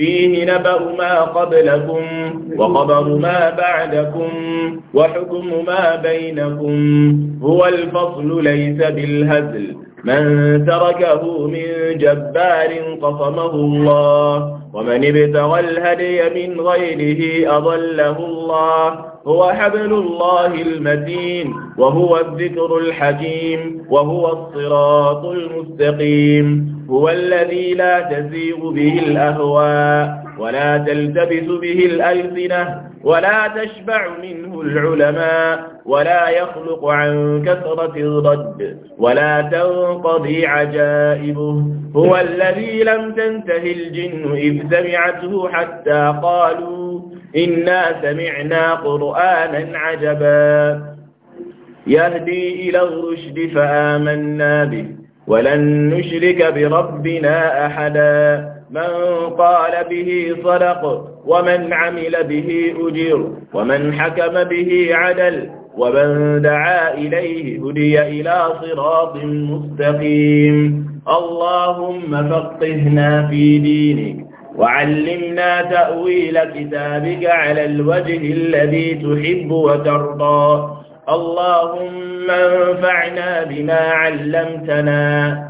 فيه نبأ ما قبلكم وخبر ما بعدكم وحكم ما بينكم هو الفصل ليس بالهزل من تركه من جبار قصمه الله ومن ابتغى الهدي من غيره أضله الله هو حبل الله المتين وهو الذكر الحكيم وهو الصراط المستقيم هو الذي لا تزيغ به الأهواء ولا تلتبس به الألسنة ولا تشبع منه العلماء ولا يخلق عن كثرة الرد ولا تنقضي عجائبه هو الذي لم تنتهي الجن إذ سمعته حتى قالوا إنا سمعنا قرآنا عجبا يهدي إلى الرشد فآمنا به ولن نشرك بربنا أحدا من قال به صدق ومن عمل به أجير ومن حكم به عدل ومن دعا إليه هدي إلى صراط مستقيم اللهم فقهنا في دينك وعلمنا تأويل كتابك على الوجه الذي تحب وترضى اللهم انفعنا بما علمتنا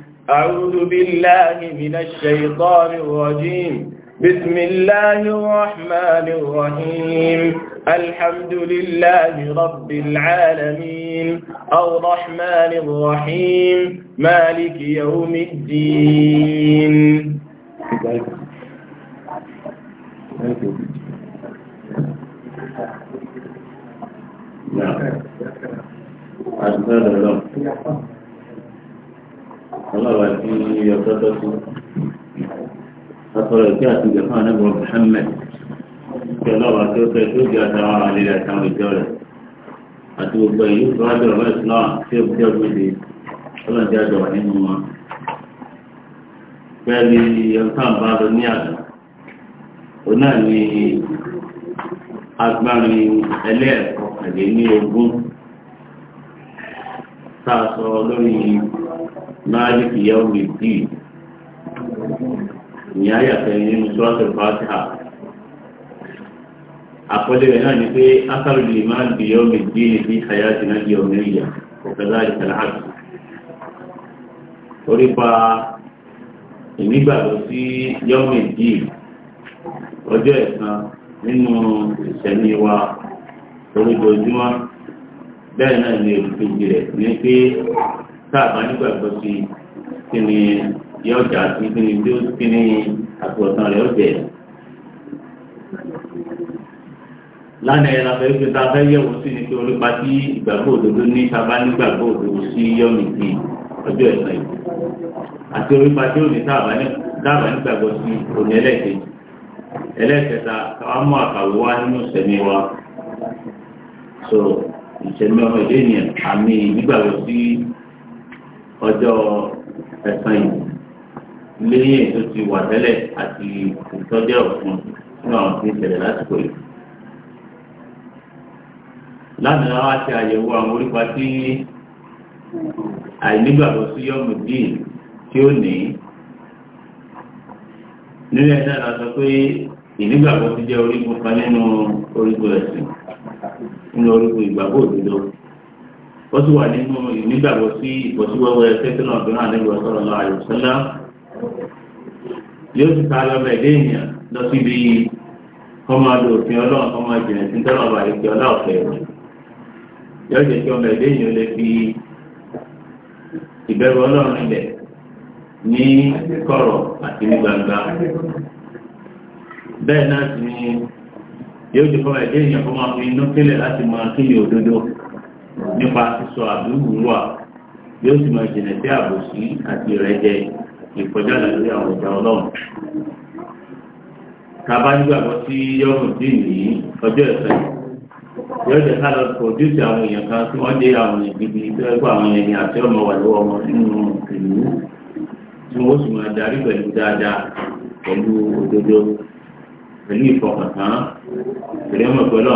أعوذ بالله من الشيطان الرجيم بسم الله الرحمن الرحيم الحمد لله رب العالمين الرحمن الرحيم مالك يوم الدين نعم ọlọ́wà tí ọjọ́ tó kú atọ́rọ̀ ìpé àti ìjọba anábọ̀ Muhammad tí ọlọ́wà tí ó fẹ́ tó di àtàwọn àwọn àlejò àtàwọn ìjọ rẹ̀ àti gbogbo ìlú ìfọwọ́jọ́ ọ̀rọ̀ Islam tí ó jẹ́ gbèdé ọlọ́dẹ àjọ wà nínú wọn. pẹ́ẹ́lí ọ̀tá àbá lọ ní àgbà òun náà ni agbárin ẹlẹ́ẹ̀kọ́ àlè ní ogún tá a sọ lórí ikú. مالك يوم الدين نهاية من سورة الفاتحة àkọlé rẹ̀ náà ni pé asáàrù lè máa bí yọ́ mi dí ní bí hayati náà di ọmọ ìyà ọ̀kadà ìtàláàtì orípa ìnígbàgbọ́ sí yọ́ mi dí ọjọ́ ẹ̀san nínú ìṣẹ̀mí wa oríjọ ojúmọ́ bẹ́ẹ̀ náà ni èdè kejì rẹ̀ ní pé sáàbà nígbàgbọ́ sí kí ni yọ ọjà àti kí ni tí ó kí ni àtúwọ̀tán rẹ̀ ọ̀jẹ̀. lánàá yẹn lábẹ́ pé tá a fẹ́ yẹ̀wò sí ni pé orípa tí ìgbàgbọ́ òdodo ní sábà nígbàgbọ́ òdodo sí yọ̀mì sí ọjọ́ ẹ̀sán yìí àti orípa tí ó ní sáàbà nígbàgbọ́ sí òní ẹlẹ́ẹ̀kejì ẹlẹ́ẹ̀kẹta káwá mú àkàwé wá nínú ìṣẹ̀mí wa so ìṣẹ̀mí ọmọ ìdí ènìyàn àmì ìgbàgbọ́ sí ọjọ́ ẹ̀sán yìí lẹ́yìn ètò ti wà tẹ́lẹ̀ àti ìtọ́jú ọ̀fun nínú àwọn tí ń ṣẹlẹ̀ lásìkò yìí. lánàá wá ṣe àyẹ̀wò àwọn orípa tí àìnígbàgbọ́ sí yọ́mù díì tí ó ní nínú ẹ̀dá la sọ pé ìnígbàgbọ́ ti jẹ́ orígun kan nínú orígun ẹ̀sìn nínú orígun ìgbàgbọ́ òdodo ó sì wà nínú ìnígbàgbọ́ sí ìbọ̀síwẹ́wẹ́ tẹ́tẹ́nà ọ̀dún náà lẹ́yìn ọ̀sọ́rọ̀ lọ àyọ̀sọ́lá yóò ti ta lọ́bẹ̀ dé èèyàn lọ síbi ọmọ adò òfin ọlọ́run ọmọ ìjìnlẹ̀ tí ń tọ́lọ̀ bá lè fi ọlá ọ̀fẹ́ rẹ̀ yóò jẹ́ kí ọmọ ẹ̀dẹ́ èèyàn lè fi ìbẹ̀rù ọlọ́run ilẹ̀ ní kọ̀rọ̀ àti ní gbangba bẹ́ẹ̀ náà sì ni yóò jẹ́ kọ́ ẹ̀dẹ́ èèyàn kọ́ máa fi inú sílẹ̀ láti máa kíyè òdodo nípa sísọ àdúgbò wà yóò sì máa jìnà sí àbòsí àti ìrẹ́jẹ ìkọjá lórí àwọn ìjà ọlọ́run. Kàbá nígbàgbọ́ sí yọrùn dín ní ọjọ́ ẹ̀fẹ́. Yóò jẹ́ ká lọ àwọn èèyàn kan tí wọ́n dé àwọn tó ẹgbẹ́ àwọn èèyàn ní àti ọmọ wà lọ́wọ́ nínú ìlú tí wọ́n sì máa darí pẹ̀lú dáadáa pẹ̀lú òdodo pẹ̀lú ìfọkàntán. Ìrẹ́mọ̀ pẹ̀lú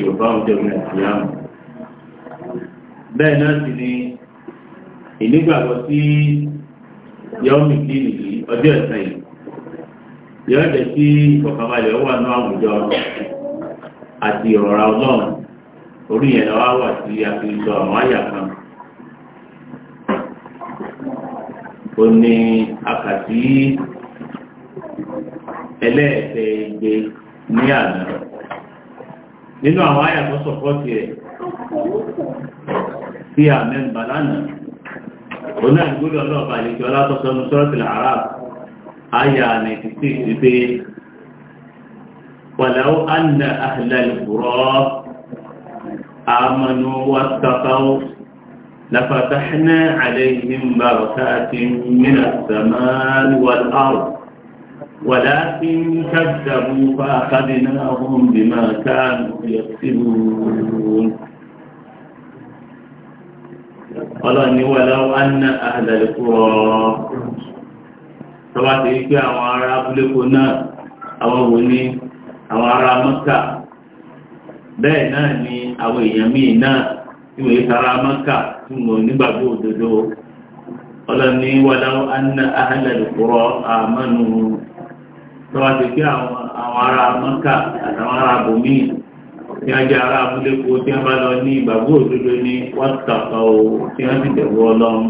yóò báwọn bẹ́ẹ̀ náà sì ni ìnígbàgbọ́ sí yọ́mì dínì yìí ọjọ́ ẹ̀sán yìí yọ́ jẹ́ sí ìfọ̀kànbalẹ̀ ó wà ní àwùjọ àti ìrọ̀rà ọlọ́run orí yẹn lọ́wọ́ wà sí àfihàn àwọn àyà kan ó ní àkàtí ẹlẹ́ẹ̀fẹ́ igbe ní àná nínú àwọn àyà tó sọ̀pọ̀ tiẹ̀ فيها من بلانا هنا نقول الله عليك ولا تصنوا سورة العراب آياني تستيقظين ولو أن أهل القرى آمنوا واتقوا لفتحنا عليهم بركات من السماء والأرض ولكن كذبوا فأخذناهم بما كانوا يكسبون ọlọ́ni walau anna ahlal qura tọ́ba ti rí pé àwọn ará abúléko náà àwọn wò ní àwọn ará mọ́kà bẹ́ẹ̀ náà ni àwọn èèyàn míì náà tí wọ́n yé sára mọ́kà tí wọ́n nígbàgbọ́ òdodo ọlọ́ni walau anna ahlal qura amanu tọ́ba ti pé àwọn ará mọ́kà àtàwọn ará bòmíì tí wọ́n jẹ́ ará abúlé kó tí wọ́n bá lọ ní ìgbàgbọ́ òdodo ní wọ́tàkọ́ o tí wọ́n ti tẹ̀wọ́ ọlọ́run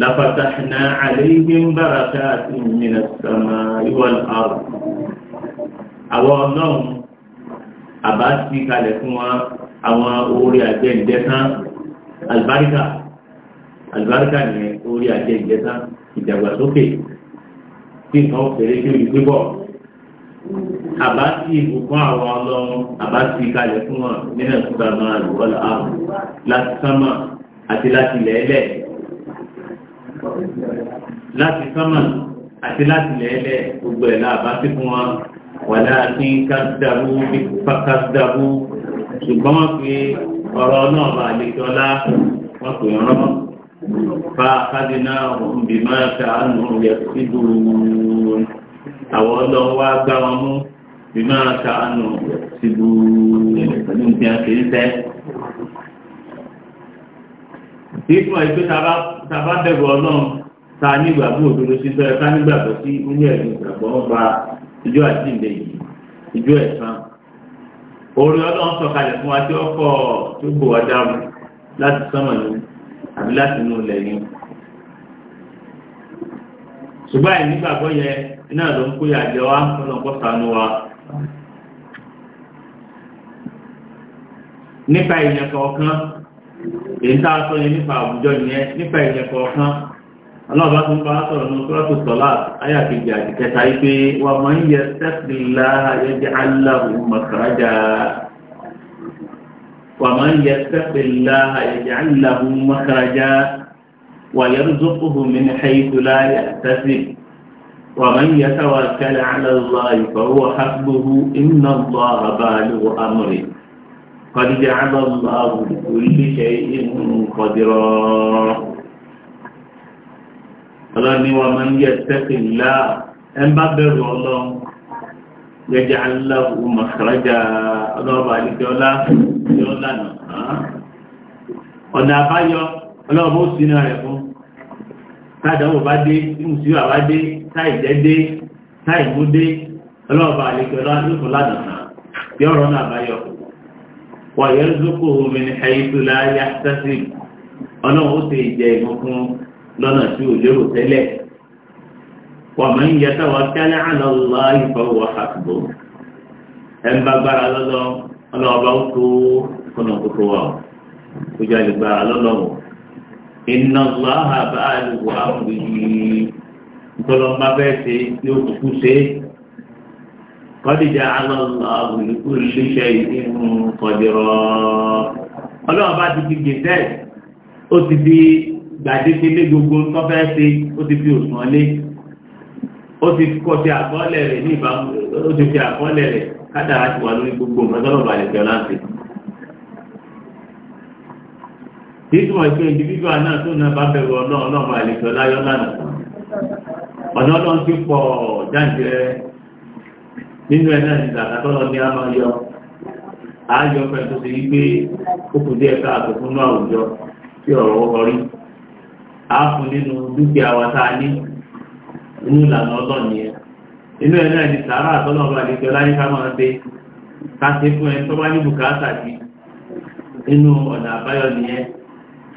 lafatahna alayhim barakatin minas samai wal ard àwọn ọlọ́run àbá ti kalẹ̀ fún wa àwọn orí àjẹ́ ìjẹ́sán albarika albarika ni orí àjẹ́ ìjẹ́sán ìdàgbàsókè tí nǹkan fèrè tí yí gbé bọ́ọ̀ àbá sí ìbùkún àwọn ọlọ́run àbá sí kalẹ̀ fún wọn nínú ìtura máa lò wọ́n láàbù láti sánmà àti láti lẹ́ẹ̀lẹ̀ láti sánmà àti láti lẹ́ẹ̀lẹ̀ gbogbo ẹ̀ láàbá sí fún wọn wàlá kí n ká dàbú bí ká dàbú ṣùgbọ́n wọ́n pe ọ̀rọ̀ náà bá lè tọ́lá wọ́n pè ọ̀rọ̀ mọ́ fa akádínà òun bí máa ta àánú àwọn ọlọ́run wá gbá wọn mú bí máa ta àánú sí gbúgbúrú pẹ̀lú nǹkan kì í tẹ́. kì í fún ẹ pé ta bá bẹ̀rù ọlọ́run ta nígbàgbọ́ òdodo sí tọ́ ẹ ká nígbàgbọ́ sí ilé ẹ̀rù ìgbàgbọ́ ọba ìjọ àjíǹde yìí ìjọ ẹ̀sán. orí ọlọ́run sọ̀kalẹ̀ fún wa tí ó kọ́ tó gbò wá dáhùn láti sánmọ̀ ni àbí láti inú ilẹ̀ yìí ṣùgbọ́n àìní gbàgbọ́ yẹ iná ló ń kó yà jẹ wá ọlọ́pọ̀ sànú wa. nípa ìyẹn kọ̀ọ̀kan èyí tá a sọ yẹn nípa àwùjọ yẹn nípa ìyẹn kọ̀ọ̀kan ọlọ́ọ̀bá tó ń bá sọ̀rọ̀ ní kúrọ́tù sọ̀lá ayà kejì àti kẹta yìí pé wà máa ń yẹ sẹ́fìlá ayẹyẹ aláwọ̀ mọ̀kàrájà wà máa ń yẹ sẹ́fìlá ayẹyẹ aláwọ̀ mọ̀kàrájà. ويرزقه من حيث لا يحتسب ومن يتوكل على الله فهو حسبه إن الله بالغ أمره قد جعل الله لكل شيء قدرا ọlọ́ni wa máa ń yẹ tẹ́kìlá ẹ bá bẹ̀rù ọlọ́run gẹ́gẹ́ aláwọ̀ mọ̀kàrájà ọlọ́ọ̀bà àdìjọ́lá yọ́lànà ọ̀nà àbáyọ ọlọ́run ó sínú rẹ̀ fún táàdánwò bá dé tí mùsùlùmí bá dé táìjẹ́ dé táìmú dé ọlọ́run bá lè pẹ̀lú bí ọ̀rọ̀ náà bá yọ wà yẹ zókò omi ní ẹyẹtò láyé àtẹ́sí ọlọ́run ó sì jẹ ìmọ̀ fún lọ́nà tí ò lérò tẹ́lẹ̀ wà máa ń yẹta ìfọwọ́ àtúbọ̀ ń bá gbára ó tó iná láhà bá àlùkò àmùrí ntọ́lọ́mbà bẹ́ẹ̀ ṣe yóò kúkú ṣe kọ́dìjà alọ́láhùn olùṣiṣẹ́ ìdíhùn kọ̀dìrọ̀ ọlọ́run bá ti fi gèdè ó ti fi gbàdéke lé gbogbo tọ́fẹ́ ṣe ó ti fi òṣùwọ̀n lé ó ti kọ́ ti àkọọ́lẹ̀ rẹ̀ ní ìbámu ó ti fi àkọọ́lẹ̀ rẹ̀ kádàrá ti wà lórí gbogbo nǹkan tọ́lọ́ba àlẹ́kẹ́ ọ̀la ń títí wọ́n ṣe náà tó náà bá bẹ̀rù ọlọ́run ọlọ́run àlejò láyọ́ lánàá ọ̀nà ọlọ́run ti pọ̀ jáǹjẹ́ nínú ẹ̀ náà ní ní àmọ́ yọ ààyò ọ̀fẹ́ tó ti rí pé ó kù díẹ̀ ká náà àwùjọ tí ọ̀rọ̀ ọrí nínú dúkìá wa tá a ní inú ìlànà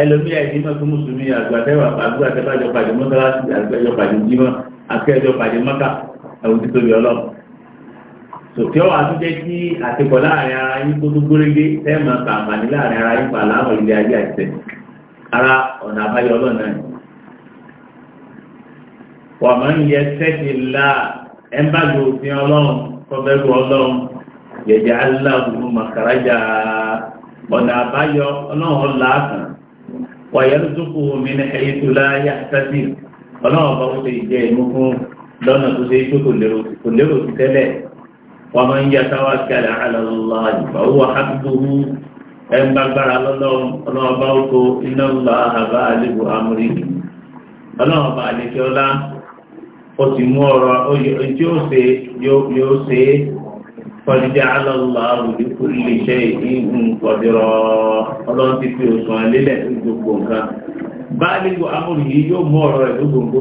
ẹlòmíyà ìdímọ̀ tó mùsùlùmí àgbàtẹ́wà àgbàtẹ́bàjọ pàdé mọ́sálásí àgbàjọ pàdé jímọ̀ akẹ́jọ pàdé mọ́kà ẹ̀wọ̀n tí tóbi ọlọ́ sòkè ọ̀wà tó jẹ́ kí àtìkọ̀ láàrin ara yín kó tó gbórégé tẹ́ẹ̀mà kàǹfààní láàrin ara yín pàlà àwọn ilé ayé àtẹ ara ọ̀nà àbáyọ ọlọ́nà ni. wà máa ń yẹ sẹ́ẹ̀tì la ẹ̀ńbàgbé òfin ọlọ́run kọ́bẹ́rù ọlọ́run yẹ̀dẹ̀ aláwùú màkàrájà ọ̀nà àbáyọ ọlọ́run ọ̀làkàn wàyẹ̀rùsùkú òmìnir ẹ̀yí tó láyà tẹ́sí ọlọ́wọ́ bá ó ṣe ìjẹ ìmú fún lọ́nà tó ṣe ikú kò lérò sí tẹ́lẹ̀ wọ́n máa ń yá táwa kẹlẹ̀ àlọ́lá ìfọwọ́ àbúrú ẹgbàgbára lọ́lọ́run ọlọ́wọ́ bá ó tó iná ńlá àbá àlébù amúrí ọlọ́wọ́ bá ó ti mú ọ̀rọ̀ ojú ó ṣe yóò ṣe é قد جعل الله لكل شيء قدرا ọlọ́run ti fi òṣùwọ̀n lélẹ̀ gbogbo nǹkan bá nígbò amúrù yìí yóò mú ọ̀rọ̀ rẹ̀ gbogbo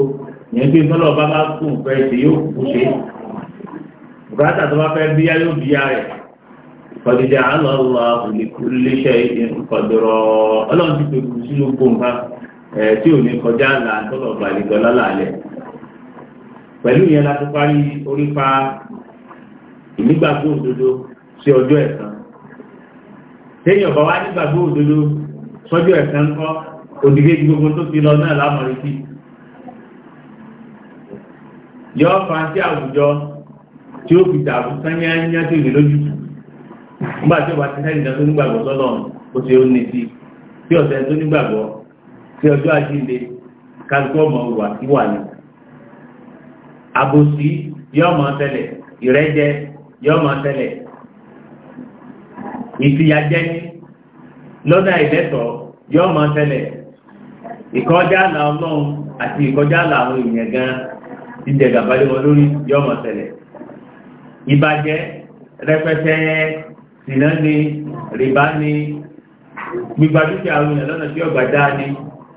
yẹn gbé tọ́lọ̀ bá bá fẹ́ ṣe yóò kú ṣe bùkátà tó bá fẹ́ yóò rẹ̀ ọlọ́run ti fi sí gbogbo nǹkan tí ò ní kọjá tọ́lọ̀ lálẹ́ pẹ̀lú ìyẹn la ìnígbàgbọ́ òdodo sí ọjọ́ ẹ̀san téèyàn bá wá nígbàgbọ́ òdodo sọ́jọ́ ẹ̀san kọ́ òdìgé gbogbo tó ti lọ náà lámọ̀rí sí yọ fa sí àwùjọ tí ó fi dàrú sányányá tó ìlú lójú nígbà tí ó bá ti sẹ́yìn ìdá tó nígbàgbọ́ sọ́nà ó ṣe ó ní sí tí ọ̀sẹ̀ tó nígbàgbọ́ sí ọjọ́ àjíǹde kálukú ọmọ wà sí wà ní àbòsí yọ ọmọ tẹ́lẹ̀ ìrẹ́jẹ yọ máa tẹ́lẹ̀ ìfìyàjẹ́ lọ́dà ìlẹ́tọ̀ yọ máa tẹ́lẹ̀ ìkọjá àlà ọlọ́run àti ìkọjá àlà àwọn èèyàn gan jíjẹ gàbálẹ̀ wọn lórí yọ máa tẹ́lẹ̀ ìbàjẹ́ rẹpẹtẹ sìnà ni rìbá ni gbígba dúkìá àwọn èèyàn lọ́nà tí ọgbà dáa ni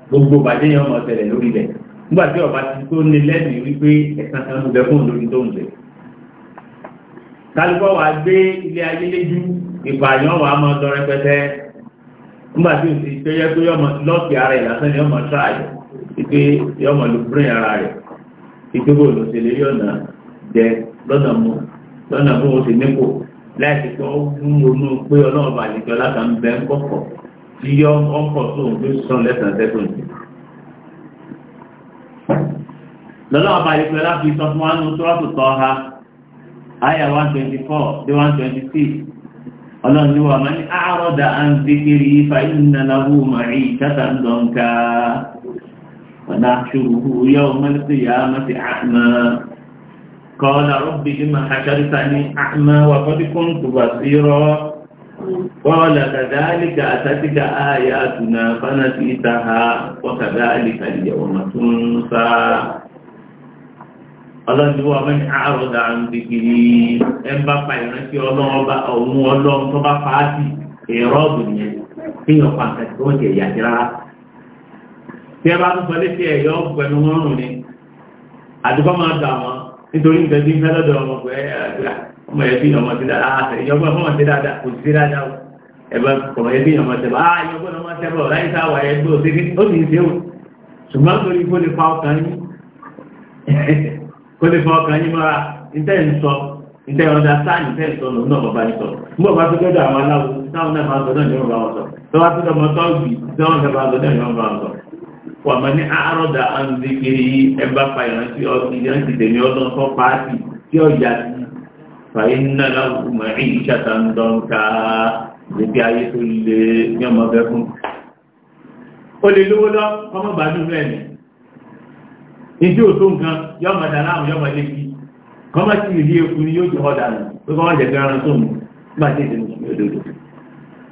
gbogbo bàjẹ́ yọ máa tẹ́lẹ̀ lórí rẹ̀ nígbà ọba ti tó ní lẹ́nu wípé ẹ̀sán kan ń bẹ fún lórí tó ń bẹ̀rẹ̀ kálukọ́ wa gbé ilé ayé léjú ìpààyàn wa mọ dọrẹ pẹtẹ nígbà tí o ti péye pé yọmọ lọ́ọ̀kì ara ẹ̀ lásán ni yọmọ tíra rẹ̀ ìpè yọmọ lu brain ara rẹ̀ ìpè bò ló ṣe lérí ọ̀nà jẹ lọ́nà mú lọ́nà mú o ti nípò láìsí pé ó ń ronú pé ọlọ́ọ̀bà àlejò alákan bẹ ń kọ̀kọ̀ tí yọ ọkọ̀ tó ń fi sàn lẹ́sàn sẹ́kọ̀ǹdì. lọ́lọ́ọ̀bà àlejò aláfi sọ fún wa nù tó rọ́pù aya 124 dé 126 ọlọ́run ní wà máa ní àárọ̀dà à ń zikiri fa inna lahu màrí tata ń dọ̀nka wàdà ṣùgbù yóò mọ́lẹ́sì yá mọ́sí àmà kọ́ọ̀lá rọ́bì ìmọ̀ àṣàríta ní àmà wà fọ́díkún tùbà sí rọ́ قال كذلك أتتك آياتنا فنسيتها وكذلك اليوم تنسى ọlọ́dúnwọ́ ọmọ ní àròdà àǹdìkìrì ẹ̀ ń bá pa ìrántí ọlọ́ọ̀bá ọ̀hún ọlọ́run tó bá pa á sí èrò ọ̀gbìn yẹn kí yàn pa nǹkan tó ń jẹ ìyá sí rárá. tí ẹ bá ń sọ létí ẹ̀yọ́ pẹ̀lú wọn rùn ni àdúgbò máa gbà wọn nítorí nǹkan tí ń fẹ́ lọ́dọ̀ ọmọ pé ọmọ ẹ̀ fi ọmọ ti dáadáa àṣẹ ìyọ́gbọ́n ọmọ ti dáadáa kò sí dáadáa ẹ̀bẹ̀ kọ̀ọ̀ ẹ̀ fi ọmọ ti bá a ìyọ́gbọ́n ọmọ ti bá ọ̀ láyé sáwà ẹ̀ gbé òṣèlú ó sì ń ṣe o ṣùgbọ́n torí kó lè pa ọkàn kó lè fọ ọkàn yín mọ́ra ìtẹ́ ń sọ ìtẹ́ ọ̀dà sáàyìn ìtẹ́ ìsọ lòun náà bàbá yín sọ mbọ̀ bá tó gbọ́dọ̀ àwọn aláwo táwọn náà máa gbọ́dọ̀ ní ọ̀rọ̀ sọ tó bá tó dọ̀mọ́ tọ́ọ̀gì táwọn náà máa gbọ́dọ̀ ní ọ̀rọ̀ sọ. wà á máa ní àárọ̀dà àǹdíkiri ẹ bá fa ìrántí ọtí ìrántí tèmi ọdún ìdí òtó nǹkan yọ ọmọ dàná àwọn yọ ọmọ ilé bí kọ́má sí ìdí eku ni yóò jọ ọ dànù pé kọ́má jẹ pé ara tó mú nígbà tí èdè mùsùlùmí òdodo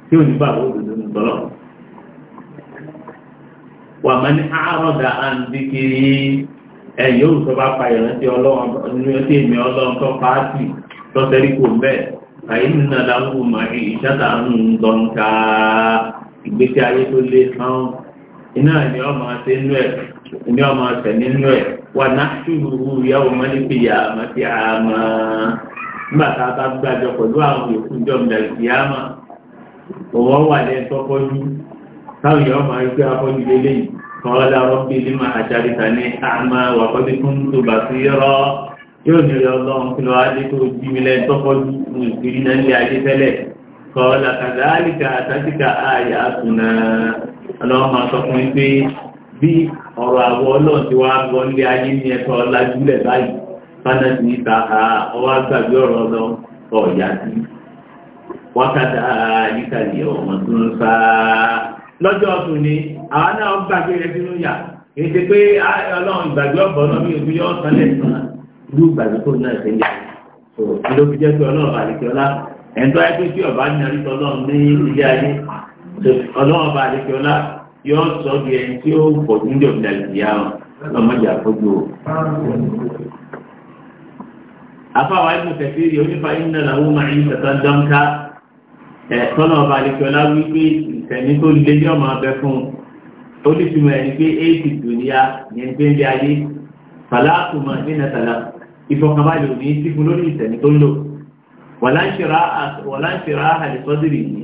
tí ò ní bá àwọn òdodo ní bọ́lọ̀. wà á máa ní àárọ̀dà ìṣàtà ń dọ̀nka ìgbésí ayé tó lé sáwọn iná ìyọ́ máa ṣe ń ní ọmọ ọ̀sẹ̀ nínú ẹ̀ wà náà ṣùgbọ́n ìyá ọmọ níbi ìyá àmà sí àmà nígbà tá a bá gbàjọ pẹ̀lú àwọn yòókù jọ mìíràn sí àmà òwò wà lẹ́ tọ́kọ́jú táwọn ìyá ọmọ ẹgbẹ́ afọ́jú lélẹ́yìn kọ́lá rọ́bì lima àjàríta ní àmà wà kọ́bí fún tó bà sí rọ́ yóò ní ọlọ́run kí lọ́wọ́ adé tó jí mi lẹ́ tọ́kọ́jú fún ìpìlì náà ní ayé tẹ́lẹ̀ kọ́lá kàdáàlìkà àtàkìkà àyà àtúnà ọlọ́run bí ọ̀rọ̀ àwọ̀ náà ti wá gbọ́ nílé ayé ní ẹ̀tọ́ ọlájúlẹ̀ báyìí fánà sí ìta ọwọ́ àgbàgbé ọ̀rọ̀ lọ ọ̀yà sí wákàtà ìkàlẹ̀ ọ̀mọ̀ tó ń fa lọ́jọ́ ọ̀tún ni àwọn náà ń gbàgbé rẹ sínú yà kìí ṣe pé ọlọ́run ìgbàgbé ọ̀bọ̀ náà mi ò fi yọ ọ̀sán lẹ́sàn irú ìgbàgbé tó náà ṣe ń yà so ló fi jẹ́ pé ọlọ́run àlèkè ọlá ẹ̀ńtọ́ ẹgbẹ́ tí ọba ní àríkọ ọlọ́run yóò sọ di ẹni tí ó pọ̀jù ní ọ̀gbìn àlùfíà ọ̀ lọ́mọdé àfọ́jú o. afáwa ibùdó kẹfìrì onífà iná làwọn máa ń tẹ̀sán dánká ẹ̀tọ́nà ọba àlekọ́lá wípé ìtẹ̀mí tó lé ní ọmọ abẹ fún un ó lè fi mọ̀ ẹni pé éèdì dùnìyà ní ẹgbẹ́ ilé ayé fàlàkùmọ̀ nínú tàlà ìfọkànbalẹ̀ òní sí fún lórí ìtẹ̀mí tó ń ṣe ra àhàlẹ́sọ́dìrì yìí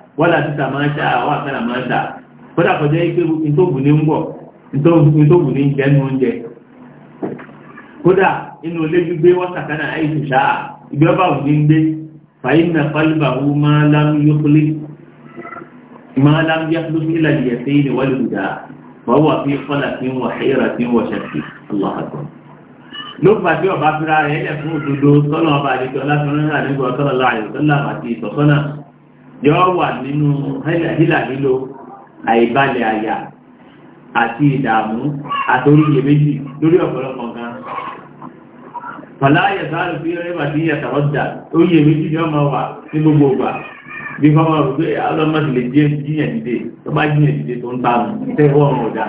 wọ́n láti tà máa ń ṣá àwọn àkàrà máa ń ṣá kódà kọjá ike nítòbù ní ń bọ̀ nítòbù ní ń jẹ́ ní oúnjẹ kódà inú ilé gbígbé wọ́n sàkánà àìsù ṣáà ìgbé ọba ò ní gbé fàyín na pálíbà wo máa lámú yókùlé máa lámú yókùlé sí ìlànà ìyẹ̀sẹ̀ yìí ni wọ́n lè dà wọ́n wà fi kọ́là tí ń wọ̀ ṣẹ́yìnrà tí ń wọ̀ ṣẹ́kì aláhàtọ̀ tí ọba fira rẹ̀ ẹ̀yẹ̀ fún òdodo sọ́nà ọba àdéjọ́ sọ́nà láàyè àti ìtọ́sọ́nà yọ wà nínú hílà nílò àìbalẹ̀ àyà àti ìdààmú àtòrí iyèméjì lórí ọ̀pọ̀lọpọ̀ kan fàlá yẹ̀sá àlùfí rẹ́bà tí yẹ̀sà ọjà ó iyèméjì ni ọmọ wà ní gbogbo ìgbà bí fọmọ rò pé ọlọ́mọ sì lè jẹ́ jíyàn dìde tó bá jíyàn dìde tó ń bá mu ìtẹ́wọ́ ọmọ ọ̀dà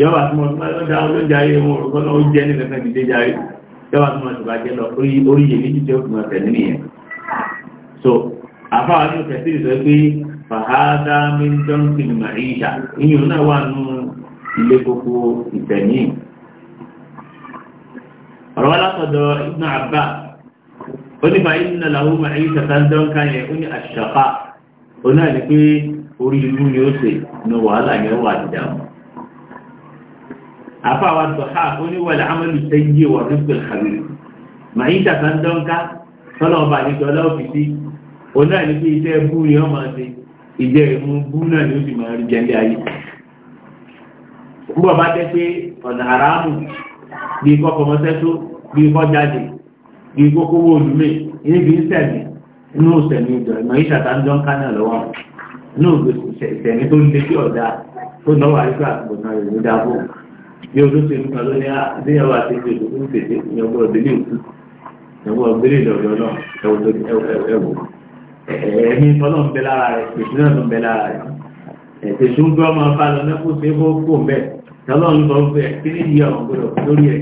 yọba tí mo ti máa lọ́dà olóúnjẹ ayé wọn òrùkọ náà ó jẹ́ nílẹ̀ fẹ́mi dé járe yọba tí mo ti bá jẹ́ lọ orí yèméjì tí ó fi mọ̀ tẹ̀lé nìyẹn so àfáà ní òfẹ́ sí ìsọ pé fàhádá mílíọ̀nù kìlì màríṣà ìyẹn náà wà nù ilé gbogbo ìtẹ̀yìn ọ̀rọ̀ látọ̀dọ̀ Ibn Abbas ó ní bá ìnà làwọn màríṣà sáńdọ́n káyẹ̀ ó ní àṣàkà ó náà ní pé orí ìlú ni ó ṣe ní wàhálà yẹn wà dídàmú àfáà wa dọ̀há ó ní wàlẹ̀ amẹ́lú sẹ́yìn wà rífẹ́ kàlù màríṣà sáńdọ́n ká tọ́lọ̀ ọba àdìgbọ́lá òfìsí òun náà ní pé iṣẹ́ bú ni wọ́n máa ìjẹ́ ìmú bú náà ni ó sì máa rí jẹ́lé ayé nígbà bá jẹ́ pé ọ̀nà àràmù bí ikọ́ fọmọsẹ́tó bí ikọ́ jáde bí níbi inú ìjọ ìmọ̀ jọ kánà lọ́wọ́ inú tó ń lé sí ọ̀dà náà bí kan ló ní àti náà ẹ̀mí tọ́lọ̀ ń bẹ lára rẹ̀ pèsè náà ló ń bẹ lára rẹ̀ ẹ̀tẹ̀sùn tó ọmọ bá lọ lẹ́kùn sí ó kò mẹ́ tọ́lọ̀ ń sọ fẹ́ kí ní ìyá ọ̀gbọ̀rọ̀ lórí ẹ̀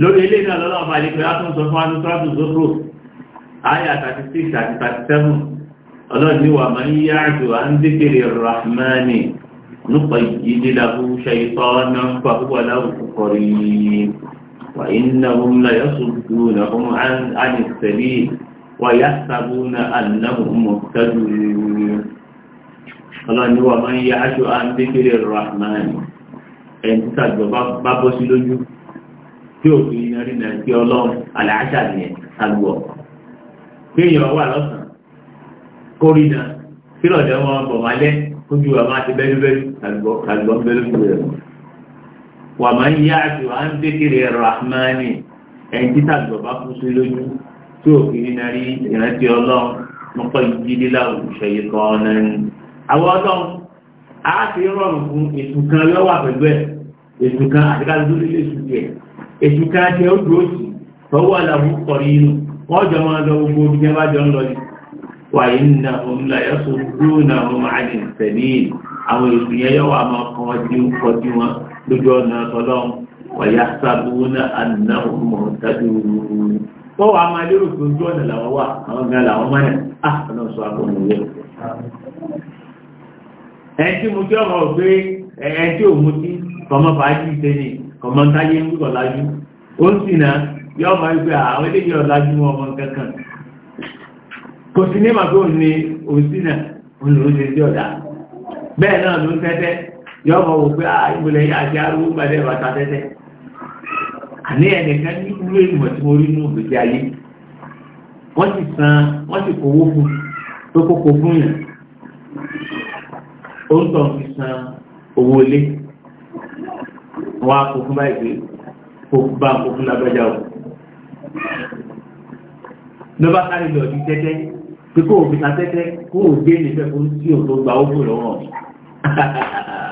lórí ilé náà lọ́lọ́ ọba àdìpẹ́ á tún sọ fún adúgbò tó zókò àyà 36 àti 37 ọlọ́ọ̀ni wà máa ń yá àjò à ń dékèrè rahmani nípa ìdílé làbú ìtọ́ náà ń pa púpọ̀ láwùjọ kọrin وإنهم ليصدونهم عن عن السبيل ويحسبون أنهم مهتدون ọlọ́ni wà máa ń yẹ aṣọ àndékèrè rahmani ẹni tí sàgbọ́ bá bọ́ sí lójú tí ò fi iná rí náà tí ọlọ́run àlàáṣà nìyẹn sàgbọ́ kéèyàn wà lọ́sàn kórì náà kí lọ́dẹ̀ wọn bọ̀ máa lẹ́ kójú wa máa ti bẹ́lúbẹ́lú sàgbọ́ bẹ́lúbẹ́lú rẹ̀ wà máa ń yá àti wà ń dékèrè rahmani ẹni títà gbọ̀bá fún sí lójú tí òkèrè náà rí ìrántí ọlọ́run mọ́pọ̀ ìdílélá òṣèyí kan náà ni. àwọn ọlọ́run a ti rọrùn fún ètò kan lọ́wọ́ pẹ̀lú ẹ̀ ètò kan àtikájú lórí ètò tiẹ̀ ètò kan tiẹ̀ ó dúró tọ́wọ́ àlàbù kọ̀rí inú wọ́n jọ máa lọ gbogbo ibi jẹ́ jọ ń lọ ní wàyí nà òun láyé sọ dúró nà òun máa ní ìfẹ̀mí àwọn ètò yẹn yọ lójú ọ̀nà ọlọ́run wàyà sábúnà àná mọ̀ọ́tàdù fọwọ́ a máa lérò tó ojú ọ̀nà làwọn wà àwọn gan làwọn máa yàn á ah, ọ̀nà sọ àkọ́nù ilé. ẹni tí mo jẹ́ ọmọ òfé ẹni tí ò mutí kọ́mọ fàájì ìtẹ́ni kọ́mọ táyé ń gbọ́ lájú ó ń sì náà yọ ọmọ ìgbé àwọn eléyìí ọ̀lájú ọmọ kankan kò sí ní màgbé ni òun sì náà òun lòún ṣe sí ọ̀dà bẹ́ẹ̀ náà ló ń tẹ́tẹ́ yọ ọmọ wò pé ah ìmọ̀lẹ̀ yà àti arúgbó gbàdẹ́ bàtà tẹ́tẹ́ àní ẹnìkan ní irú ènìyàn tí mo rí nínú gbèsè ayé wọ́n ti san wọ́n ti kówó fún tó kókó fún yàn ó ń tàn fi san owó ilé wọ́n á kó fún báyìí pé kó bá kó fún lágbájá o ló bá sáré lọ di tẹ́tẹ́ pé kó o fi ta tẹ́tẹ́ kó o gé nífẹ̀ẹ́ kó o sí gba owó lọ́wọ́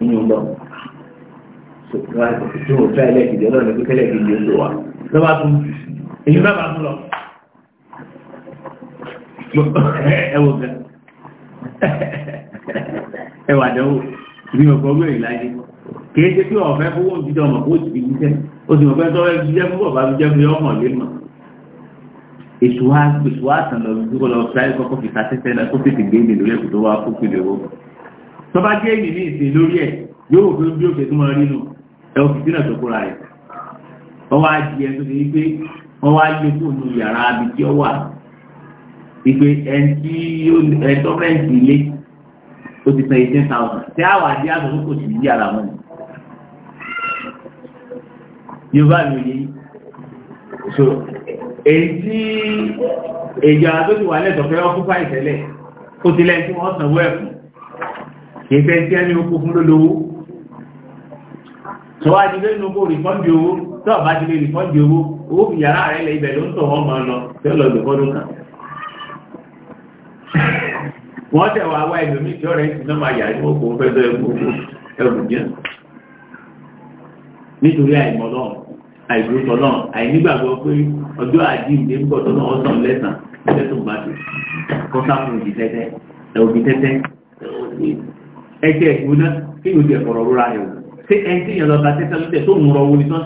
nínú lọ tí mo fẹ́ ẹlẹ́kìdì ọlọ́run ní pẹ́kẹ́lẹ́ kìdì oṣù wa lọ́wọ́ tún èyí bá bá tún lọ ẹwọ gan ẹwà dánwò ìbí ọkọ̀ ọgbẹ́ ìlàjì kìí ṣe pé ọ̀fẹ́ fowó ìdíjọ ọmọ kó ti jíṣẹ́ ó sì mọ̀fẹ́ tọ́wọ́ jíṣẹ́ fún bọ̀bá jíṣẹ́ fún ọmọ lé mọ̀ ètò wa ètò wa tàn lọ sí kọ́ lọ sí kọ́kọ́ fi ta tẹ́tẹ́ náà kó tètè gbé ìdè lórí ẹ̀kú tó wá kó pèlè owó tó bá jẹ́ èyí ní ìsìn lórí ẹ̀ yóò wò pé bí òkè tó máa rí nù ẹ̀ òkè sínú ẹ̀tọ́ kóra rẹ̀ wọ́n wá di ẹ̀ tó ṣe wípé wọ́n wá lé fóònù yàrá abi tí ó wà ìpè ẹ̀ńtí ẹ̀tọ́ rẹ̀ǹtì ilé ó ti san eighteen thousand tí àwọn àdé àgbẹ̀ tó kò sí yàrá wọn ni yorùbá mi ò yé so èyí tí èyí àdókòwò alẹ́ tọ̀fẹ́ ọkùnfà ìtẹ́lẹ̀ ó ti lẹ́yìn tí wọ́n sanwó ẹ̀fún ìfẹ́ tí ẹni okú fún lólówó tó wá jílé inú kó rìfọ́ndì owó tó àbá jílé rìfọ́ndì owó owó fi yàrá rẹ̀ lẹ ibẹ̀ ló ń tọ̀ wọ́n máa lọ tí ó lọ lè fọ́dún kan wọ́n tẹ̀ wá wá ẹlòmí tí ọ̀rẹ́ ti náà máa yà ní okùn fẹ́ tó ẹkú ẹrù jẹ́ nítorí àìmọ̀ náà àìdúrótọ̀ náà àìnígbàgbọ́ pé ọjọ́ àjíǹde ń bọ̀ tọ́nà ọ̀sán lẹ́sàn-án tẹ́tùn bá ti kọ́sáfún òbí tẹ́tẹ́ ẹgbẹ́ ẹ̀kú náà kí yóò ti ẹ̀kọ̀rọ̀ rúra rẹ̀ wò ẹni tí ìyẹn lọ ta tó ń rọ owó ni tó ń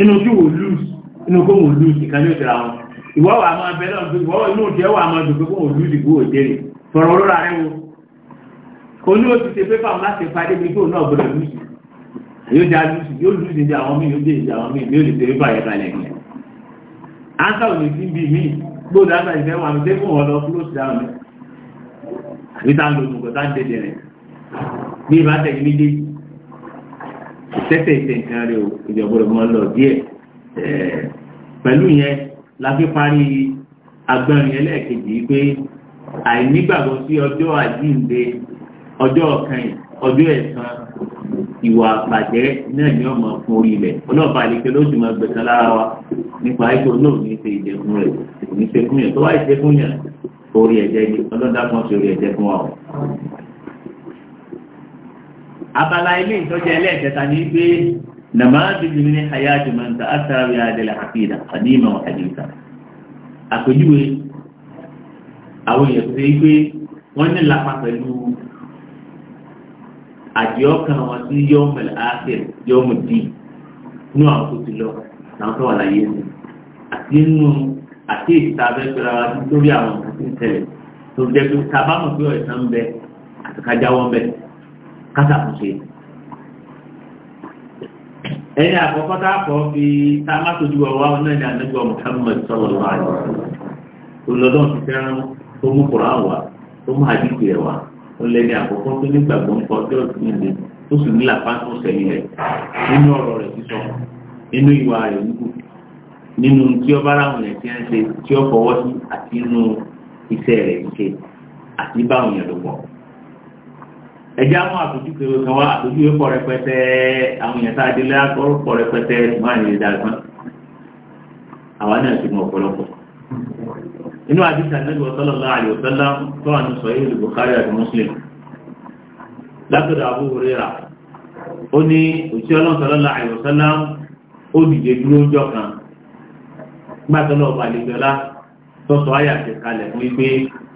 inú kí wò lùs inú kó wò lùs ìkan ní ìwọ́ wà máa bẹ náà ìwọ́ inú òjì ẹ̀wà máa dùn pé kó wò lùs ìgbó òjèrè sọ̀rọ̀ rúra rẹ̀ ṣe pépà wọn láti fa débi náà gbọdọ̀ lùs yóò já lùs yóò lùs níta ń lo ògùn tá ń dẹ̀dẹ̀ rẹ̀ bí ìbá tẹ̀yìn méjèèjì tẹ́tẹ̀ ìtẹ̀ nǹkan rẹ̀ o ìjọ̀gbọ̀rọ̀ mọ́ lọ díẹ̀ pẹ̀lú yẹn la fi parí agbẹ́rin ẹlẹ́ẹ̀kejì pé àìnígbàgbọ́ sí ọjọ́ àjíǹde ọjọ́ ọ̀kan ọjọ́ ẹ̀san ìwà àbàjẹ́ náà ni ọmọ fún orí ilẹ̀ ọlọ́ọ̀bà àlekẹ́ ló sì lára wa nípa ètò náà ní ṣe ìjẹkùn rẹ̀ kò ní ṣe fún yẹn tó orí ẹ̀jẹ̀ ni ọlọ́dà mọ̀ sí orí ẹ̀jẹ̀ fún wa o. abala ilé ìtọ́jú ẹlẹ́ẹ̀kẹta ní pé nàmáàdì mi ní hayati máa ń ta àtàrà bí adẹ́lẹ̀ àfihàn àdìmọ̀ àdìmọ̀ àpèjúwe àwọn èèyàn ṣe pé wọ́n ní lápá pẹ̀lú àdìọ́kàn wọn sí yọ́mọ̀lẹ̀ áṣẹ̀ yọ́mọ̀dì nínú àwọn tó lọ làwọn tó wà láyé àti nínú àti ìta abẹ́pẹ́ra lórí àwọn ti ń tẹ̀lẹ̀ tó jẹ́ pé kábàámọ̀ pé ọ̀ẹ̀sán ń bẹ àti kájáwọ́ ń bẹ kásàkùnṣe. ẹni àkọ́kọ́ tá a kọ́ fi tá a má tójú wa wá náà ní anájọ́ Muhammad sallallahu alaihi wasallam ti fẹ́ràn tó mú kura wa tó mú àdìgbò ẹ̀ wa ó lẹ́ni àkọ́kọ́ tó nígbàgbọ́ ń kọ́ ọjọ́ ìsinmi tó sì nílà pátó sẹ́yìn rẹ̀ nínú ọ̀rọ̀ rẹ̀ sísọ nínú ìwà rẹ̀ nínú tí ọba ráhùn rẹ̀ ti ń ṣe tí ọ fọwọ́ sí àti nínú iṣẹ́ rẹ̀ ń ṣe àti báwọn yẹn ló pọ̀. ẹjẹ́ àwọn àtòjúkèrè kan wá àtòjúwe pọ̀ rẹpẹtẹ àwọn yẹn tá a délé akọ́rọ̀ pọ̀ rẹpẹtẹ máa ń yẹn dàgbọ́n àwa náà ti mọ ọ̀pọ̀lọpọ̀. inú àdìsí ànábì sallallahu alaihi wasallam tó wà ní sọ̀yìn ìlú Bukhari àti Muslim látọ̀dọ̀ Abu Hurairah ó ní òṣìṣẹ́ ọlọ́run sallallahu alaihi wasallam ó dìde dúró jọ kan gbàtọ́ lọ́ọ́ tọ́sọ ayé àtẹ̀kalẹ̀ fún wípé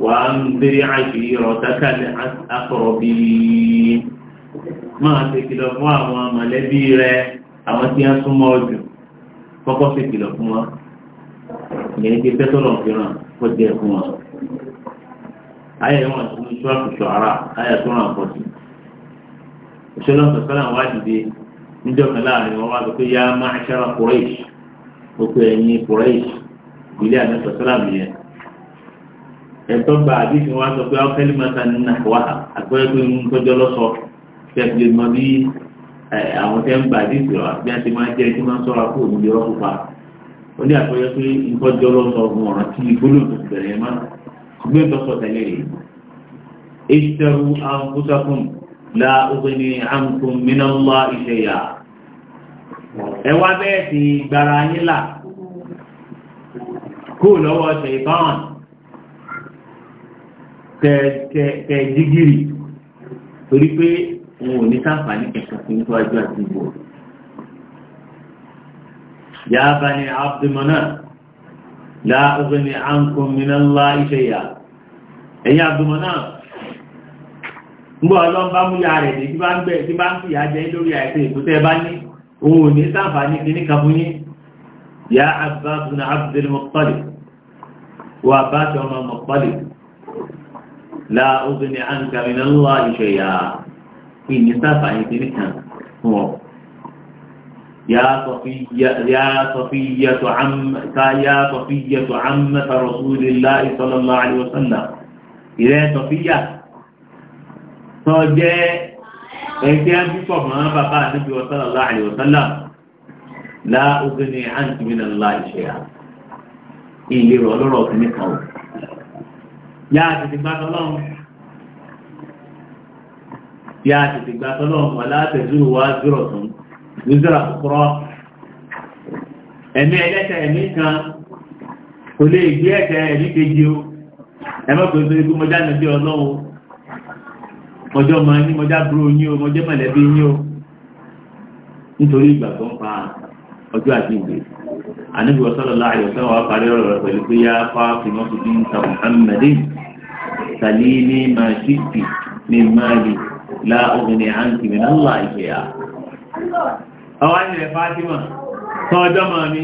wà á ń bèrè àìsí ọ̀tákàlẹ̀ akọ̀rọ̀bí máa ṣe kìlọ̀ fún àwọn mọ̀lẹ́bí rẹ àwọn tí wọ́n súnmọ́ jù kọ́kọ́ ṣe kìlọ̀ fún wọn ìyẹn ti fẹ́ tọ́lọ̀ fìràn kó jẹ́ fún wọn. ayé wọn ti ní ṣọ́ọ̀kù ṣọ̀hárà ayé tó ràn pọ̀ sí. ọ̀sán sọ́lá wá dìde níjọ́ kan láàrin wọn wá pé yá máa ilé àtẹ̀sọ̀ sọ́làmù yẹn ẹ̀tọ́ gba àdéhùn wa sọ pé ọ̀kẹ́lì mọ́ta ní nàkọ́wà àgbẹ̀rẹ́ pé ń tọ́jọ́ lọ́sọ tẹ̀sílẹ̀ mọ́ bí àwọn tẹ́ ń gba àdéhùn wa bí a ti máa jẹ́ kí máa ń sọ́ra kúrò níbi ọ̀rọ̀ pupa ó ní àpẹẹrẹ pé ń tọ́jọ́ lọ́sọ fún ọ̀ràn tí gbólóhùn tó bẹ̀rẹ̀ yẹn má gbé tọ́sọ tẹ̀lé rè ìṣẹ́rù àǹkúṣàkùn la ògbẹ́ni àǹkùn mìíràn lọ́ ìṣẹ̀yà ẹ wá bẹ́ẹ̀ sì gbára yín là kó lọ́wọ́ ṣẹ̀tọ́n tẹ̀ẹ̀dígìrì torí pé òun ò ní sáfàní kẹta fún ìtọ́jú àti ìbò ya bani abdulmanan la ughni ankum min Allahi shay'a ẹ̀yin abdulmanan gbọ́ ọlọ́mbá mú ya rẹ̀ tí bá ń gbẹ̀ tí bá ń fìyà jẹ lórí àìsẹ̀ ìkútẹ́ bá ní òun ò ní sáfàní kìíní kan fún yín ya Abbas ibn Abdul Muttalib wọ àbáṣe ọmọ mọ̀pọ́lì la obìnrin ní àǹkàmì náà lọ́wọ́ àìṣe ìyá kí ní sáfà yìí ti nìkan fún ọ. يا صفية يا صفية عمة يا صفية عمة رسول الله صلى الله عليه وسلم إذا صفية تجي ẹ̀kẹ́ á dúpọ̀ mọ́ bàbá àdébíwọ̀ sọ́lọ́lá àlèwọ̀sọ́lá láàúgbìnrin àǹtìmínà láìṣẹ́ àti ilé rọ lọ́rọ̀ ọ̀sìn nìkan o yá tètè gbà tọ́lọ́run yá tètè gbà tọ́lọ́run wà látẹ̀zúrò wá zúrọ̀ tún lùzọ́rà kúkúrọ́ ẹ̀mí ẹlẹ́tẹ̀ ẹ̀mí kan kò lè gbé ẹ̀tẹ̀ ẹ̀mí kejì o ẹ̀mọ́ pé sórí kú mọjá nàbí ọlọ́run mọjọ́ ọmọ yín mọjá búrò yín o mọjọ́ mọ̀lẹ́bí yín o nítorí ìgbàgbọ́ ń pa ọjọ́ àti ìgbèsè ànábì sallallahu alaihi wasallam wà parí ọ̀rọ̀ rẹ̀ pẹ̀lú pé yá Fátímà binta Muhammadin salini ma shi'ti min mali la ughni anki min Allahi shay'a. ọwọ́ àyẹ̀rẹ̀ Fátímà sọ ọjọ́ mọ́ mi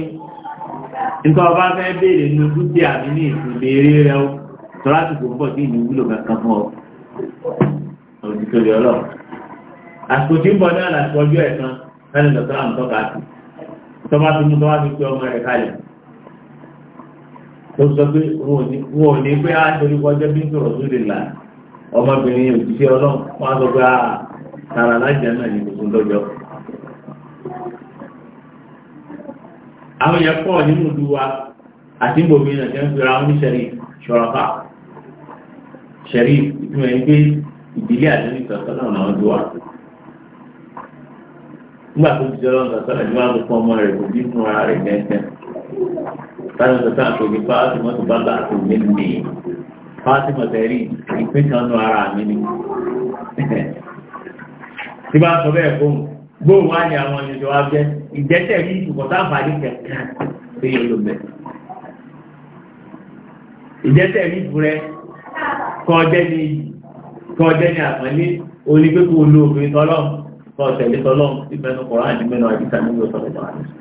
nǹkan ọba fẹ́ béèrè nínú dúkìá mi ní ìsìnlẹ̀ rẹ̀ o tọ́lá ti kò ń bọ̀ sí ìlú wúlò kankan fún ọ òdìtòlè ọlọ́run àsìkò tí ń bọ̀ náà làṣọ ọjọ́ ẹ̀san fẹ́lẹ̀ tọ́ba tó mú tọ́ba tó pé ọmọ rẹ̀ kalẹ̀ tó sọ pé wọn ò ní pé á torí kọjá bí ń sọ̀rọ̀ sóde là ọmọbìnrin òṣìṣẹ́ ọlọ́run wọn á sọ pé á ah, tààrà lájà náà ní gbogbo lọ́jọ́. àwọn yẹn pọ̀ nínú ìlú wa àti ìbòmí náà jẹ́ ń pera wọn ní sẹ́rí ṣọ́rọ́fà sẹ́rí ìtumọ̀ yẹn pé ìdílé àti ìtọ́sọ́nà náà ń dùn wá nígbà tó ti jọlọ ọ̀nà sọ́nà ìwà àgùkọ ọmọ rẹ̀ kò bí fún ara rẹ̀ gẹ́gẹ́ táwọn ọ̀sán sàn kò ní fáwọn mọ́tò bàbá àti òní ní fáwọn mọ́tò ẹ̀rí ìpín kan nù ara mi ni tí bá sọ bẹ́ẹ̀ fóun gbóhùn wá ní àwọn ìjọ wa jẹ́ ìjẹ́tẹ̀ rí ìkọ̀tà àbáyé kẹ̀kẹ́ sí yóò bẹ̀ ìjẹ́tẹ̀ rí ìfúrẹ́ kọjẹ́ ní àpọ́nlé onígbẹ́kùn olóògbé tọ́lọ́mù tọ́ tẹ̀lé tọ́lọ́ ìmẹ́nu kọ̀ọ̀rán àti mẹ́nu àdìsá nínú ọ̀sọ̀rọ̀ ìmọ̀ àdìsá.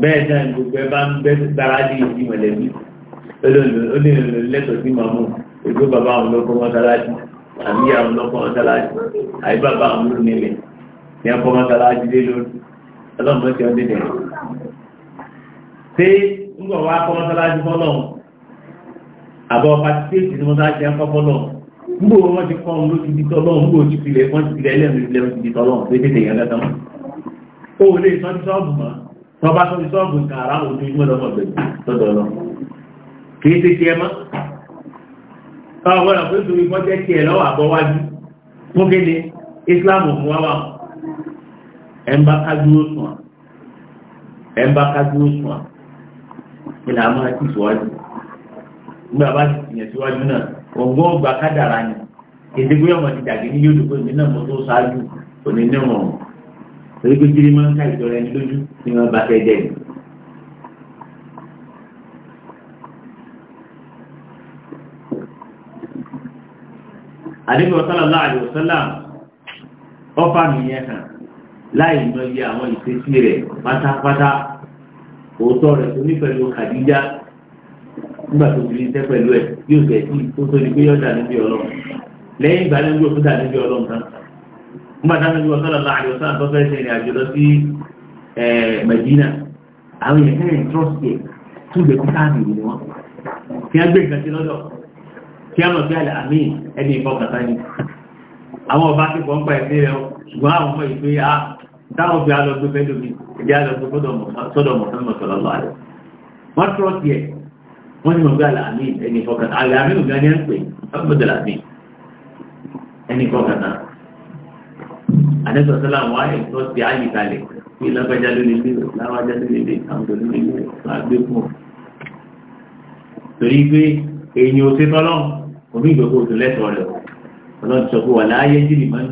bẹ́ẹ̀ náà gbogbo ẹ bá ń bẹ́ gbára dé ìdí mọ̀lẹ́bí ó lè lẹ́tọ̀ọ́ sí màmú ègbé bàbá àwọn olókọ́ mọ́sálásí àbí àwọn olókọ́ mọ́sálásí àbí bàbá àwọn olókọ́ nílẹ̀ ní ọkọ̀ mọ́sálásí lé lórí ọlọ́mọ ti ọdún dẹ̀. ṣé ń gbọ̀ wá kọ́ mọ́sálásí fọ́lọ́ àbọ̀ pàtíkéètì ni mọ́sálásí ẹ̀kọ́ fọ́lọ́ gbogbo wọn ti kọ́ ló ti di tọ́lọ́run gbogbo ti filẹ̀ wọ́n ti filẹ̀ ilẹ̀ ìlẹ̀ ti di tọ́lọ́run pé tètè yẹn lẹ́tọ́ ó lè sọ ní sọ́ọ̀bù mọ́ tọ́ bá sọ ní sọ́ọ̀bù nǹkan ara òun tó yíwọ́n lọ́mọ bẹ̀rẹ̀ tọ́dọ̀ lọ kì í ṣe tiẹ̀ mọ́ táwọn ọ̀rọ̀ pé torí wọ́n jẹ́ tiẹ̀ lọ́wọ́ àbọ̀wájú fún kí ni Islam fún wa wà ẹ̀ ń sùn ẹ̀ ń sùn ọgbọ́n ọgbà kádàrá ni ìdígbé ọmọ ti dàgé ní yóò dùgbò nínú ọmọ tó ṣáájú òní náà wọn torí pé jírí máa ń ká ìjọra ẹni lójú ní wọn bá fẹ́ jẹ́ àdébí sallallahu alaihi wasallam ọfà mi yẹn hàn láì mọ iye àwọn ìfésí rẹ̀ pátápátá òótọ́ rẹ̀ tó ní pẹ̀lú Khadija nígbà tó fi iṣẹ́ pẹ̀lú ẹ̀ yóò fẹ́ kí tó tó di pé yọ̀dà níbi ọlọ́run lẹ́yìn ìgbà níbi òkúta níbi ọlọ́run tán nígbà táwọn ìwọ sọ́dọ̀ bá àyọ̀ sọ́dọ̀ tó fẹ́ ṣe ìrìn àjò lọ sí Mẹdínà àwọn èèyàn fẹ́rẹ̀ trọ́sì ẹ̀ tó gbé kúta àbìrì ni wọ́n kí á gbé nǹkan sí lọ́dọ̀ kí á lọ sí àlẹ́ àmì ẹni ìfọkàtà ni àwọn ọba ti pọ̀ ń pa ẹ̀sìn rẹ̀ ṣùgbọ́n àwọn ọmọ ìpè á ah, táwọn fi alọ́gbé fẹ́ lómi ìdí alọ́gbé sọ́dọ̀ mọ̀ wọ́n ní mo gbé àlàmì ẹni fọkàn àlàmì ògbà ni ẹ ń pè ọgbọdọ làmì ẹni fọkàn náà àdẹ́sọ̀sọ́lá wà ní tó ti ààyè kalẹ̀ kí lọ́gbẹ́já lórí ilé láwájá lórí ilé àwọn olórí ilé àgbé fún un torí pé èyí ò sí tọ́lọ́ omi ìgbòkó oṣù lẹ́tọ̀ọ́ rẹ̀ ọlọ́run sọ pé wà láàyè jìnnì máa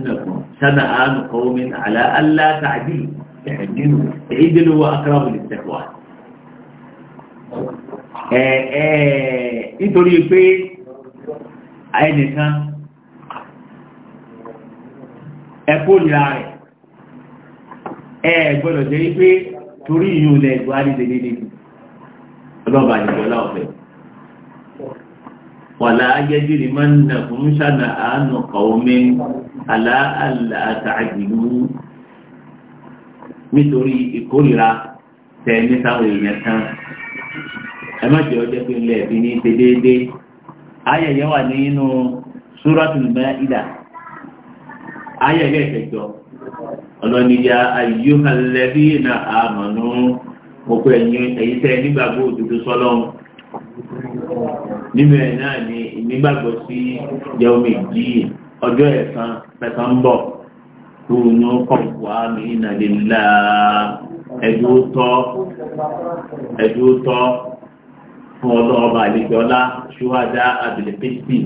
ń nítorí pé ẹnìkan a ìlà rẹ̀ ẹ jẹ́ wípé torí ìyún ilẹ̀ ìgbò àdìdè nílé ọlọ́ba ìjọlá ọ̀fẹ́ wàlá ajẹ́jú ni máa ń nà fún ṣànà àánú aláàlá nítorí kan ẹ má jẹ́ ọjọ́ pé ilẹ̀ ẹ̀bí ní ṣe déédéé ayẹyẹ wà nínú Suratul Ma'idah ayẹyẹ ìfẹ̀jọ ọlọ́niyà ayyuhalladhi na amanu gbogbo ẹ̀yin ẹ̀yin tẹ́ nígbàgbọ́ òdodo sọ́lọ́run nínú ẹ̀ náà ni nígbàgbọ́ sí yẹ́wọ́mì yìí ọjọ́ ẹ̀san pẹ̀sán ń bọ̀ tó ní kọ̀wá mi nàlélá ẹ̀dúótọ́ ẹ̀dúótọ́ fún ọdún ọba àlejòọlá ṣúwádá àbìlẹ̀pẹ̀sì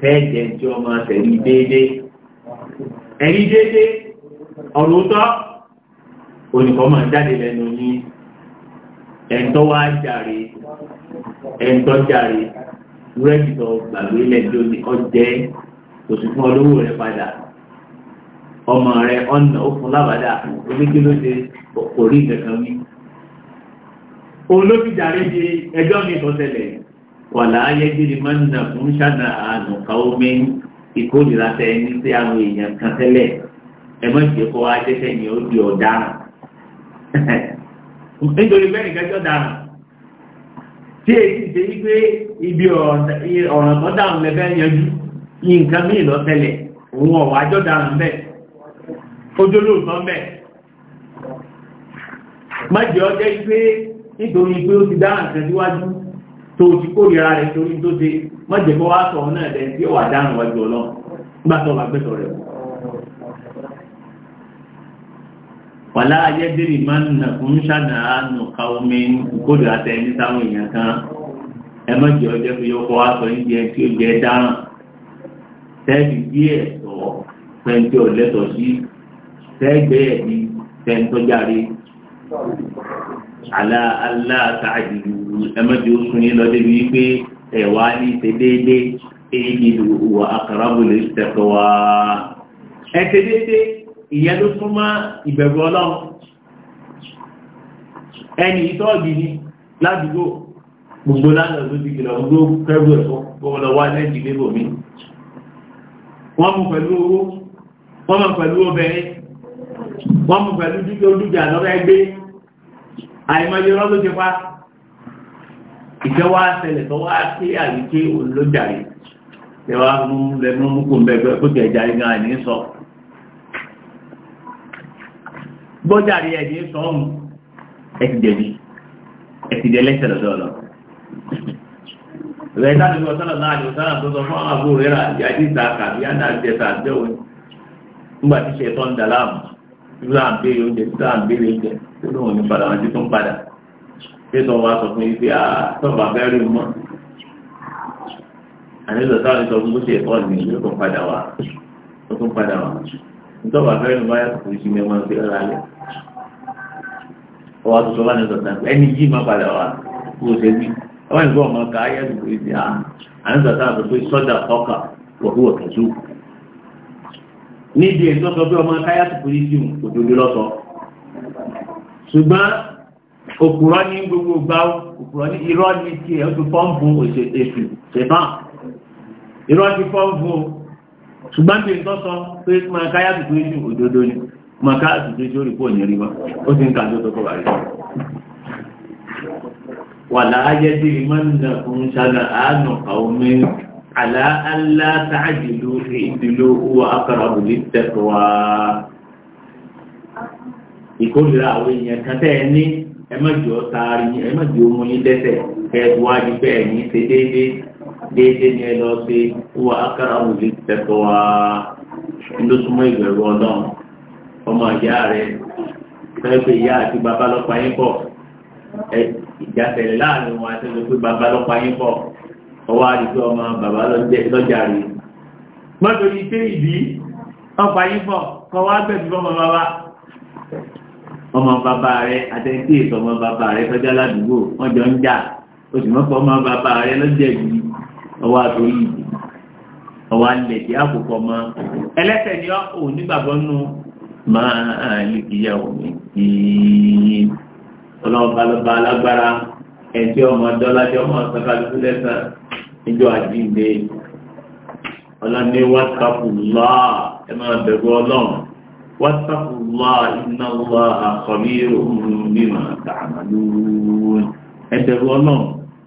fẹ́ẹ̀jẹ̀ tí ó máa tẹ̀rí déédé ẹ̀rí déédé ọ̀rọ̀ tọ́ olùkọ́ máa jáde lẹ́nu ní ẹ̀ńtọ́ wá jàre ẹ̀ńtọ́ jàre rẹ́gìtọ̀ gbàgbé lẹ́jọ́ ní ọjẹ́ òsì fún olówó rẹ̀ padà ọmọ rẹ̀ ọ̀nà ó fún lábàdà oníkílódé kò rí nǹkan wí olóbìjàre di ẹjọ́ mi tó tẹ̀lẹ̀ wà láàyè gírí máa ń nà fún ṣáná àánúkà omi ìkórìíra tẹ ní sí àwọn èèyàn kan tẹ́lẹ̀ ẹ mọ̀ ìdí kọ́ ajẹ́sẹ̀ ni ó di ọ̀daràn nítorí bẹ́ẹ̀ nìkan jọ daràn tí èyí ṣe wípé ibi ọ̀ràn tó dáhùn lẹ́fẹ́ yanjú nǹkan míì lọ tẹ́lẹ̀ òun ọ̀wà jọ daràn bẹ́ẹ̀ ojúlóòtọ́ bẹ́ẹ̀ má jẹ́ ọjọ́ pé nítorí pé ó ti dáhùn kan síwájú tó ti kórìíra rẹ̀ torí tó ṣe mọ́jẹ̀kọ́ wá sọ náà rẹ̀ tí ó wà dáhùn wájú ọlọ́run nígbà tó wà gbẹ́sọ̀ rẹ̀ wàlá ayédèrè máa ń nà fún ṣàdà àánú kaomi kódà tẹ ní sáwọn èèyàn kan ẹ má jẹ ọjọ́ fi yọkọ wá sọ ní jẹ tí ó jẹ dáràn tẹ́ẹ̀bì bí ẹ̀tọ́ pẹ̀ntì ọ̀lẹ́tọ̀ sí tẹ́ẹ̀gbẹ́ ẹ̀bí pẹ̀ntọ́járe àlà aláàtà àjùlù ẹmẹ́jì ó sún yín lọ débi wípé ẹ̀wà ní ṣe déédéé èyí ló wà àkàràbò lè tẹ̀kọ̀ wá. ẹ ṣe déédéé ìyẹn ló tún mọ́ ìbẹ̀rù ọlọ́run ẹni ìtọ́ọ̀gì ni ládùúgbò gbogbo lánàá ló ti kìlọ̀ gbogbo kẹ́rù ẹ̀fọ́ gbọ́dọ̀ wá lẹ́jì lébò mi. wọ́n mú pẹ̀lú owó wọ́n mú pẹ̀lú obìnrin wọ́n mú pẹ̀lú dúkìá lọ́rẹ́ gbé àìmọye rọ́ ló ti pa ìjọwọ́ àṣẹlẹ̀ tó wá sí àyíké olójàre lẹ́wà mú lẹ́nu mú kò mẹ́gbẹ́ kó tẹ̀ jáde gan àìní sọ gbọ́jàre ẹ̀dín sọ ọ̀hún ẹ̀tìdẹ̀bí ẹ̀tìdẹ̀lẹ́sẹ̀ lọ́dọọlọ rẹ̀ dáadé bí ọ̀sán náà àjọ sára tó sọ fún àwọn àbúrò rẹ̀ àjájí ìta kàbí àdájẹta àjẹwò nígbà tí ṣe tọ́ ń dà láàmú ìlú à ń béèrè oúnjẹ tó lóun ní padà wọn ti tún padà pé tó wá sọ fún yìí pé àtọ́ba fẹ́ rí mọ́ ànílò táwọn ìtọ́ gbogbo ṣe ẹ̀kọ́ ní ìlú tó padà wá tó tún padà wá ìtọ́ba fẹ́ rí mọ́ yàtọ̀ sí ní wọn fi rárá lẹ̀ ọwọ́ àtúntò wà ní ìtọ́ta ẹni yìí má padà wá kó o ṣe bí ọwọ́ ìgbọ́ ọmọ ká ayé àdúgbò ìdí ànílò táwọn sọ pé sọ́dà ọkà wọ̀húwọ̀ kẹ̀sù níbi ètò sọ pé ṣùgbọ́n òpùrọ́ ní gbogbo gbá òpùrọ́ ní irọ́ ní tí ẹ̀ tó fọ́nfún èṣù ṣẹ̀fà irọ́ ti fọ́nfún ṣùgbọ́n bí n tọ́ sọ pé máa káyà tó tó ṣù òdodo ni máa káyà tó tó ṣù orí pò ní rí mọ́ ó ti ń ka tó tó kọ́ wà rí tí ìmọ̀ ń ṣàlà ìkórìíra àwọn èèyàn kan tẹ́ ẹ ní ẹ má jọ taari ẹ yín dẹ́ṣẹ̀ kẹ wá di bẹ́ẹ̀ ní ṣe déédéé déédéé ni ẹ lọ ṣe wà á kára wò lè tẹ̀kọ̀ wá ló súnmọ́ ìbẹ̀rù ọlọ́run ọmọ ìyá rẹ fẹ́ pé ìyá àti bàbá lọ́pa yín pọ̀ ìjàsẹ̀lẹ̀ láàrin wọn àti ẹgbẹ́ pé bàbá lọ́pa yín pọ̀ ọwọ́ àdìgbò ọmọ bàbá lọ́jà rè mọ́tò ní tẹ́ ìdí ọ̀pá ọmọ bàbá rẹ àtẹ̀ntì èso ọmọ bàbá rẹ tọ́jà ládùúgbò wọ́n jọ ń jà oṣù mọ́kọ ọmọ bàbá rẹ lọ́jọ́ ìbí ọwọ́ àtòyí ìbí ọwọ́ alẹ̀ tí àkókò ọmọ ẹlẹ́sẹ̀ ni ó nígbàgbọ́ nù máa lè kíyàwó mi kí ọlọ́ọ̀bá lọ́ba alágbára ẹ̀jẹ̀ ọmọ dọ́lájọ́ ọmọ sọ́kàlùkù lẹ́sàn níjọ́ àjíǹde ọlọ́ni wàtàkùn الله إن الله خبير بما تعملون ẹ̀bẹ̀rù ọlọ́run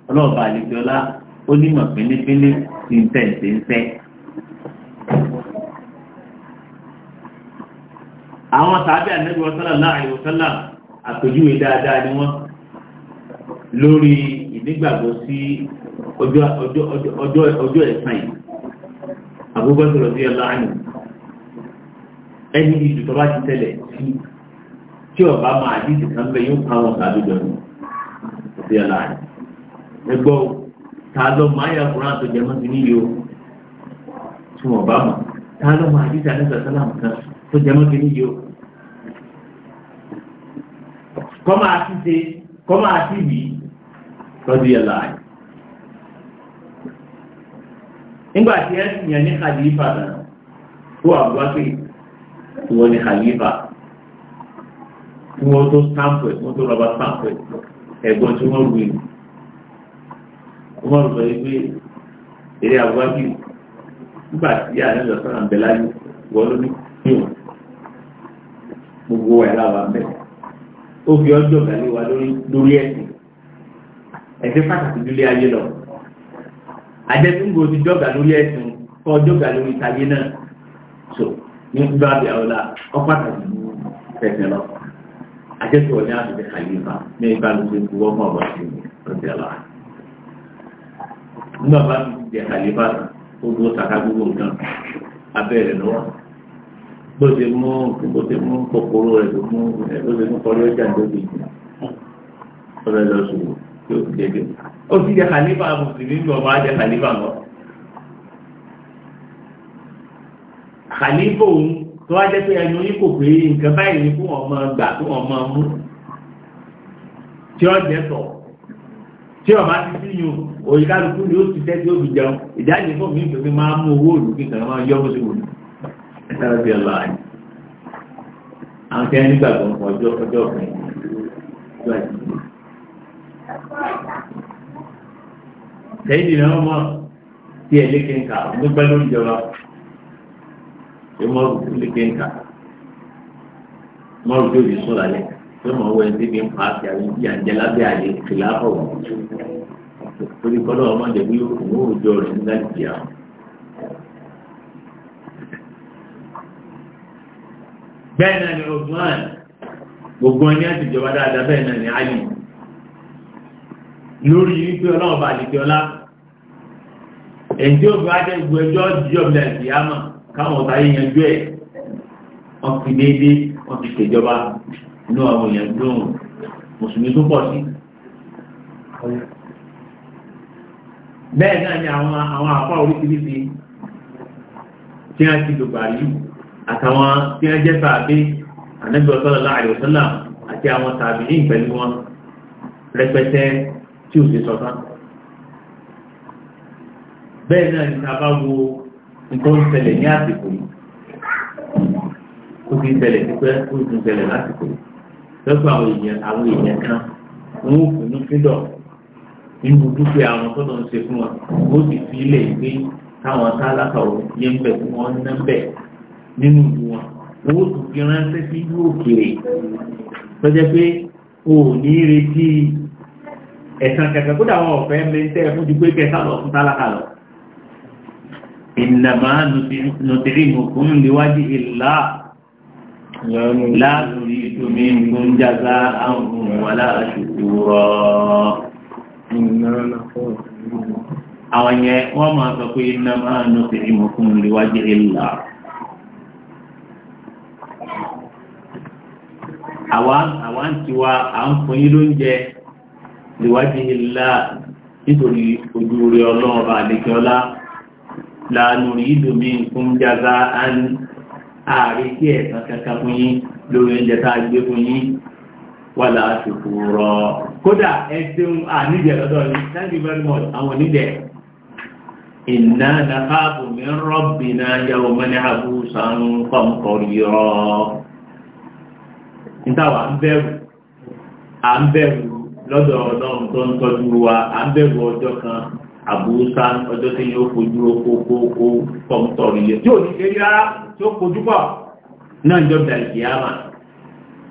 ọlọ́ọ̀bà àlejòọlá ó nímọ̀ pínlẹ́pínlẹ́ ti ń tẹ̀ ṣe ń tẹ́. àwọn tàbí ànẹ́bí ọ̀sánà láàrin ọ̀sánà àpèjúwe dáadáa ni wọ́n lórí ìdígbàgbọ́ sí ọjọ́ ẹ̀san yìí Abubakar radiyallahu anhu ẹni ìjù tó bá ti tẹ́lẹ̀ sí tí ọba máa dí ìsìnká ń bẹ yóò pa wọn tàbí dọ̀nù òfin ọ̀la rẹ̀ ẹgbọ́ ta lọ máa yà kúrán tó jẹ mọ́tò níyì o tí wọ́n bá mọ̀ ta lọ máa dí ìsìnká sálàmù kan tó jẹ mọ́tò níyì o kọ́má àti ṣe kọ́má àti bì í tọ́jú ọ̀la rẹ̀ nígbà tí ẹ sì yàn ní kàdí ìfàdà tó àbúrò tí wọ́n ní khalifa tí wọ́n tó stamp ẹ̀ wọ́n tó rọba stamp ẹ̀ ẹ̀gbọ́n tí wọ́n wí wọ́n sọ pé eré abúgbàgbé nígbà tí àná lọ sọ́nà bẹ̀ láyé wọ́n ló ní kíwọ̀n gbogbo ẹ̀ láwa bẹ̀ ó fi ọjọ́ ìgbàlẹ̀ wa lórí ẹ̀sìn ẹ̀sìn pàtàkì dúlé ayé lọ àjẹsíngbò ti jọ́gà lórí ẹ̀sìn kọ́ jọ́gà lórí ìtàgé náà ní gbígbá bí àwọn ọpàtàkì tẹ̀sẹ̀ lọ àjẹsọ̀ ní àbẹ̀tẹ̀ kàlífà ní ìgbà ló ṣe kú ọmọ ọ̀bà sí ọ̀sẹ̀ lọ. nígbà bá ti jẹ kàlífà ó dúró sàkà gbogbo nǹkan abẹ́rẹ́ lọ́wọ́ bó ṣe mú bó ṣe mú kòkòrò rẹ̀ tó mú bó ṣe mú kọrí ọjà tó ti jù ọ̀rẹ́ lọ sùn kí ti jẹ́ bí ó ti jẹ kàlífà mùsùlùmí ọba jẹ kàlífà mọ́. kàlífò òun tó wá jẹ́ pé ẹnu yí kò pé nǹkan báyìí ni fún ọmọ gbà fún ọmọ mú tí ó jẹ́ sọ tí ọba ti sí yun òyìnkálukú ni ó ti tẹ́ tí ó fi jẹun ìdájẹ́ fún mi ìgbẹ́gbẹ́ máa mú owó òlù kí nǹkan máa yọ bó ti wù ní ẹ̀sára bí ọlọ́ àyè àwọn tí wọ́n nígbàgbọ́ ọjọ́ ọjọ́ ọ̀fẹ́ ìjọ àti ìjọ. sẹ́yìn ìnáwó mọ́ tí ẹ̀ lékè ń kà ó ní ìjọba pé mọ́rù tó lè gbé nǹkan mọ́rù tó lè sùn lálẹ́ pé mọ̀ wọ ẹni bí n pa àti àwọn ibi àjẹ lábẹ́ àyè kìláàfọ̀ wọ̀ torí kọ́lọ́ ọmọdé bí òun ò rẹ̀ nígbà jì àwọn. bẹ́ẹ̀ náà ni Osman gbogbo ẹni àtijọba dáadáa bẹ́ẹ̀ náà ni Ali lórí wípé ọlọ́ọ̀bà àdìgbọ́lá ẹ̀ǹdí òfin adé gbogbo ẹjọ́ jíjọ́ bíi àdìyámà káwọn ọ̀tá yìí yanjú ẹ̀ wọ́n fi déédéé wọ́n ti ṣèjọba inú àwọn èèyàn gbóhùn mùsùlùmí tó pọ̀ sí. bẹ́ẹ̀ náà ni àwọn àwọn àpá oríṣiríṣi tí wọ́n ti dògbà rí àtàwọn tí wọ́n jẹ́ sàbí ànábì sallallahu alaihi wasallam àti àwọn tàbí ní ìpẹ̀lú wọn rẹpẹtẹ tí ò sí sọ tán. bẹ́ẹ̀ náà ni ta bá wo tó ń ṣẹlẹ̀ ní àsìkò yìí tó fi ṣẹlẹ̀ ti pẹ́ tó ti ṣẹlẹ̀ lásìkò yìí lọ́sọ̀ àwọn èèyàn àwọn èèyàn kan wọn ò fún un fídọ̀ nínú dúkìá àwọn tó lọ ń ṣe fún wọn ó sì fi ilé ìgbé táwọn tálákà ò yé ń bẹ̀ fún wọn ná bẹ̀ nínú ìlú wọn owó tó fi ránṣẹ́ sí ìlú òkèèrè tọ́jẹ́ pé o ò ní retí ẹ̀sán kẹ̀kẹ́ kódà àwọn ọ̀fẹ́ mẹ́ńtẹ́ fún ju pé kẹta lọ fún tálákà ìnàmà nùtìrìmùkún níwájú ìlà láàrùn ìtòmí nǹkan jáza àwọn wàlá àṣùkúrọ̀ àwọn yẹn wọ́n máa sọ pé ìnàmà nùtìrìmùkún níwájú ìlà àwa ń tiwa à ń fún yín lóúnjẹ níwájú ìlà nítorí ojú rẹ ọlọ́run àdékẹ́ọ́lá lánúrí ìdòmí fún jaza án ààrí kí ẹ̀sán kankan fún yín lórí oúnjẹ tá a gbé fún yín wà láàṣùkú rọ kódà ẹsẹ̀un àníjẹ̀ lọ́dọ̀ ní thank you very much àwọn oníjẹ̀ inna nakhafu min rabbina yawman abusan qamtarira nítawà ń bẹ̀rù à ń àbúrúsá ọjọ́ tí yóò fojú okókókó kọ́mtọ̀ ilé tí ò ní ṣe rárá tí ó fojú pọ̀ náà jọ da ìkìyàmà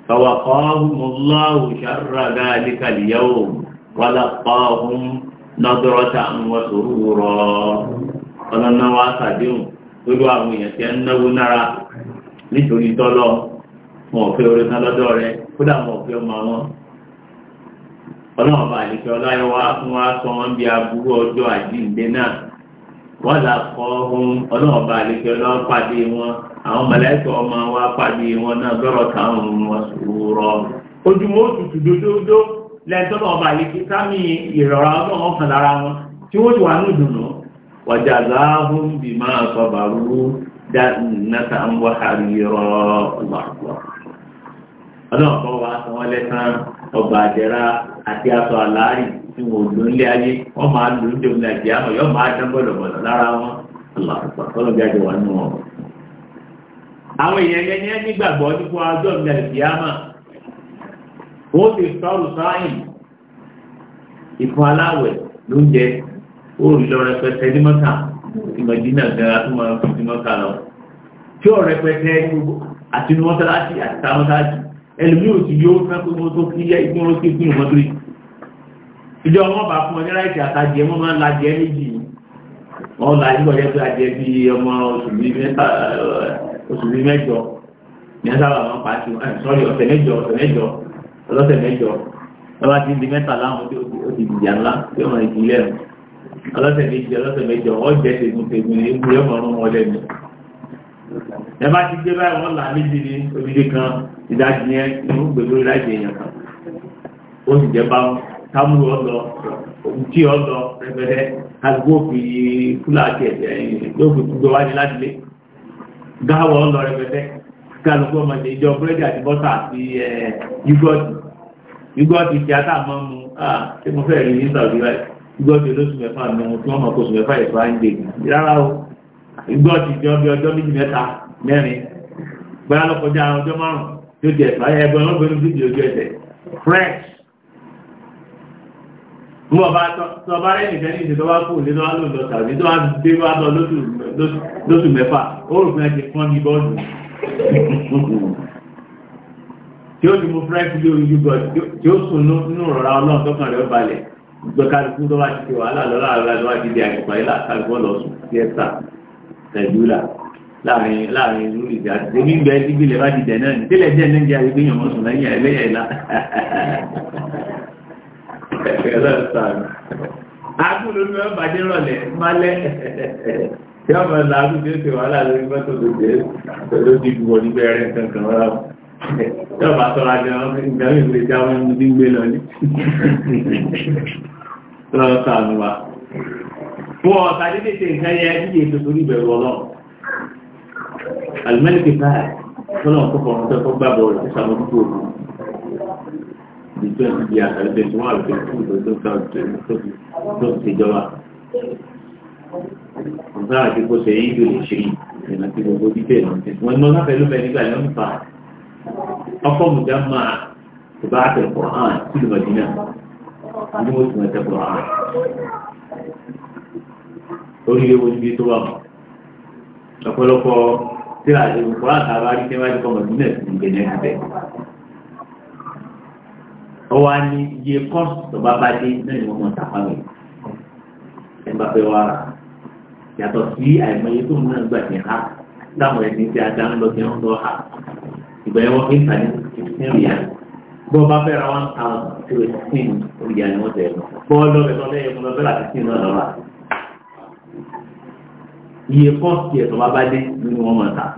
fawaqahumullahu sharra dhalikal yawm wa laqahum nadratan wa surura ọlọ́nà wa sàdéhùn lórí àwọn èèyàn tí ẹ ń náwó ọlọ́run bá àdìpẹ́ ọláyọ̀wá sọ wọn bí aburú ọjọ́ àjíǹde náà wọ́n là kọ́ ohun wọn àwọn mọ̀lẹ́kọ̀ ọmọ wa pàdé wọn náà gbọ́rọ̀ táwọn wọn sòrọ̀ ojúmọ́ òtútù dódódó lẹ́tọ́lọ́ sámi ìrọ̀rọ̀ kan lára wọn tí wọ́n ti wà ní ìdùnnú wàjà ọba àjẹrà àti aṣọ àláàrí tí wọn ò lò ń lé ayé wọn máa lò ń dé omi àti àmọ́ yóò máa dán bọ̀dọ̀bọ̀dọ̀ lára wọn ọlọ́gbàjọ wà nù wọn. àwọn èèyàn yẹn ní nígbàgbọ́ nípa ọjọ́ omi àti àmọ́ wọ́n ti sọ̀rọ̀ sáyìn ìfún aláwẹ̀ lóúnjẹ ó rí lọ rẹpẹtẹ ní mọ́ta ìmọ̀dínà gan-an tó máa fi sí mọ́ta lọ tí ó rẹpẹtẹ àti mọ́ta láti àti táwọn láti ẹlùmí ò sí yóò fẹ́ pé wọ́n tó kí yẹ ìpín oró sí ìpín ìmọ́tírì ìjọ wọn bá fún ọjọ́ láìsí àtàjẹ wọn máa ń la jẹ méjì wọn la yíkọ jẹ pé ajẹ bí ọmọ oṣù bíi mẹ́ta oṣù bíi mẹ́jọ ní ẹsẹ àwọn àwọn pàṣẹ sọrí ọ̀sẹ̀ mẹ́jọ ọ̀sẹ̀ mẹ́jọ ọlọ́sẹ̀ mẹ́jọ lọba ti di mẹ́ta láwọn tí ó ti dìjà ńlá tí wọn ìpínlẹ̀ ọlọ́sẹ̀ méjì ọlọ́sẹ̀ mẹ́jọ ọjẹ tẹgùn tẹgùn ní ewu yọmọ ọrùn wọn lẹ́nu ẹ bá ti gbé báyìí wọ́n là méjì ní odidi kan ìdájì yẹn ní ó gbé lórí láti èèyàn kan ó sì jẹ́ bá támú ọlọ tí ọlọ rẹpẹrẹ àgbo fi fúláàtì ẹ̀jẹ̀ yóò fi gbogbo wájú láti lé gáwọ̀ ọlọ rẹpẹrẹ kálukú ọmọdé ìjọ búrẹ́dì àti bọ́tà àti yúgọ́ọ̀tì yúgọ́ọ̀tì tí a táà máa ń mu ṣé mo fẹ́ rí ní Saudi rẹ̀ yúgọ́ọ̀tì olóṣù mẹ́fà mi mu tí wọ́n mọ̀ kóṣù mẹ́fà ìfọ̀ àǹdè rárá o yúgọ́ọ̀tì jọ bí ọjọ́ méjì mẹ́ta mẹ́rin gbára lọ́kọjá ọjọ́ márùn-ún yóò di ẹ̀fà ẹgbẹ́ ọlọ́gbẹ́ni fídíò ojú ẹ̀sẹ̀ fresh mú ọba tó ọba rẹ̀ nìkan ní ìṣèjọba kù ní lọ́wọ́ ló lọ tàbí tó wá dé wá lọ lóṣù mẹ́fà ó rò fún ẹ ti fọ́n ní bọ́ọ̀lù tí ó ti mú fresh bí orí yúgọ tí ó sùn nínú ìrọ̀rá ọlọ́run tó kàn rẹ̀ ó balẹ̀ gbẹ kálukú tó wá ti ṣe wàhálà lọ́la àrùn àti wá ti di láàrin láàrin ìlú ìgbà omi ń bẹ ibi ilẹ̀ bá ti dẹ̀ náà nítílẹ̀ díẹ̀ ní ìyá ìgbéyàn wọn sùn lẹ́yìn ẹlẹ́yẹ ìlà àgùn ló ń bẹ bàjẹ́ rọ̀lẹ́ málẹ́ tí wọ́n máa làágù tí ó ti wàhálà lórí mọ́tò tó jẹ́ pẹ̀lú ti gbọ́ nígbà ẹ̀rẹ́ kankan rárá tí wọ́n já wọn ní gbé lọ ní lọ́wọ́ sàánú wa. Wọ́n ọ̀sà dédé ṣe nǹkan yẹ kí èso torí ìbẹ̀rù ọlọ́run. alimẹ́lìkì káàdì tọ́lọ̀ tó kọ̀ ọ́n tó gbàgbọ́ rẹ̀ tó sàmójútó òun ní twenty bíi àtàlẹ́ twenty one àti twenty two tó tó tó tó ti jọba. ọ̀sán àti kó ṣe yíyó lè ṣe ìrìnà tí gbogbo bíbẹ̀ lọ sí. wọ́n ní wọ́n sáfẹ́ ló bẹ nígbà yẹn ń fa ọkọ̀ mùjá máa tó bá tẹ̀ Kùránì sílùú Mẹ́dínà ní mo sì mọ̀ tẹ̀ Kùránì oríire wo níbi tó wà mọ́ ọ̀pọ̀lọpọ̀ tíra ìlú kọ́lá tàbá rí níwájú kọmọ̀ sí náà sí ìgbẹ̀lẹ̀ ìgbẹ̀. ó wá ní iye kọ́ọ̀sì tó bá bá dé náà ni wọ́n mọ̀ tàpá rẹ̀ ẹ̀ bá fẹ́ wá rà yàtọ̀ sí àìmọye tó náà gbà ní ha láwọn ẹni tí a dá ń lọ sí ń lọ ha ìgbà ẹ̀wọ̀n íńtánẹ́ẹ̀tì fifteen riyal bó bá fẹ́ ra one thousand two eighteen riyal ni wọ́n tẹ̀ lọ bọ́ọ̀lù ọ̀bẹ̀ tó lẹ́yìn mọ́ lọ́bẹ̀ iye kọ́ọ̀sì ẹ̀ tó bá bá dé nínú wọn mọ̀ tàpá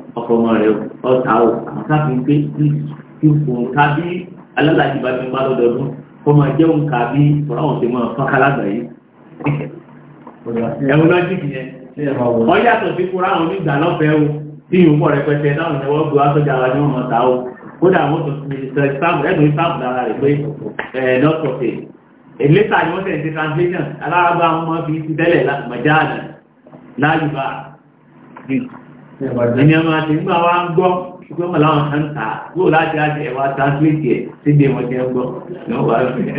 ọkọ̀ ọmọ rẹ̀ ọ̀tá o àwọn káfí pé kí òǹkà bí alálàjì bá ti ń bá lọ́dọọdún kọ́ máa jẹ́ òǹkà bí ọ̀ráwọ̀n ti máa fọ́n kálàgbà yìí ẹ̀wọ̀n lọ́jìkì yẹn ọ yàtọ̀ sí kúrò àwọn onígbà lọ́fẹ̀ẹ́ o tí yìí ń pọ̀ rẹpẹtẹ táwọn ẹ̀wọ́ gbé wá sọ́jà wa ní wọn mọ̀ ta o kódà àwọn tó ti sọ ìsáàmù ẹ̀dùn ìsáàmù lára rẹ̀ pé ẹ̀ lọ́sọ̀tẹ̀ èlétà ni wọ́n tẹ̀ ṣe translation alára bá wọn fi ti tẹ́lẹ̀ mọ̀jáàdì láyùbá ẹni ọmọ àti nígbà wa ń gbọ́ ṣùgbọ́n wọn láwọn kan tà yóò láti láti ẹwà translate ẹ̀ síbi wọn jẹ́ gbọ́ lọ́wọ́ wa rẹ̀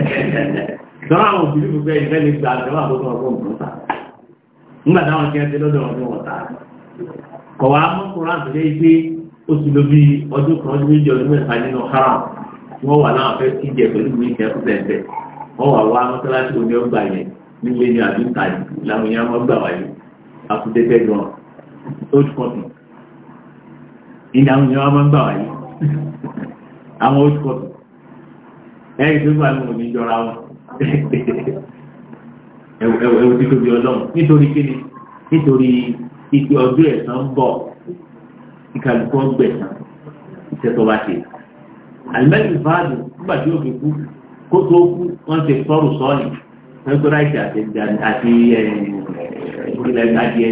sọ́rọ̀ àwọn òbí mi pé ìfẹ́ lè gba àtẹwà tó tọ́ ọgbọ́n kan tà nígbà táwọn kí ẹ ti lọ́dọ̀ ọdún wọn tà kọ̀ wá mọ́kùnrin àti lé pé ó ti lo bí ọdún kan ọdún méjì ọdún mẹ́ta haram wọ́n wà láwọn fẹ́ kí jẹ pẹ̀lú ìwé ìkẹ́ pẹ̀lẹ́pẹ̀ wọ́n wà wá mọ́sálásí omi ọgbà yẹn nílé ní àdúgbà yìí làwọn èèyàn wọn gbà wáyé àkùdẹ́gbẹ́ gan-an old cotton ìdáhùn ni wọ́n máa ń gbà wáyé àwọn old cotton ẹ̀yìn tó gbà lóhùn ní ìjọra wọn ẹ̀wù tí tóbi ọlọ́run nítorí kíni nítorí ìpè ọdún ẹ̀sán ń bọ̀ ìkàlùkọ́ gbẹ̀sán iṣẹ́ tó bá ṣe alimẹ́tì fáàdù nígbà tí ó fi kú kó tó kú wọ́n ti fọ́rù sọ́ọ̀nì pẹ́ńtọ́ráìtì àti ẹ̀ẹ́dì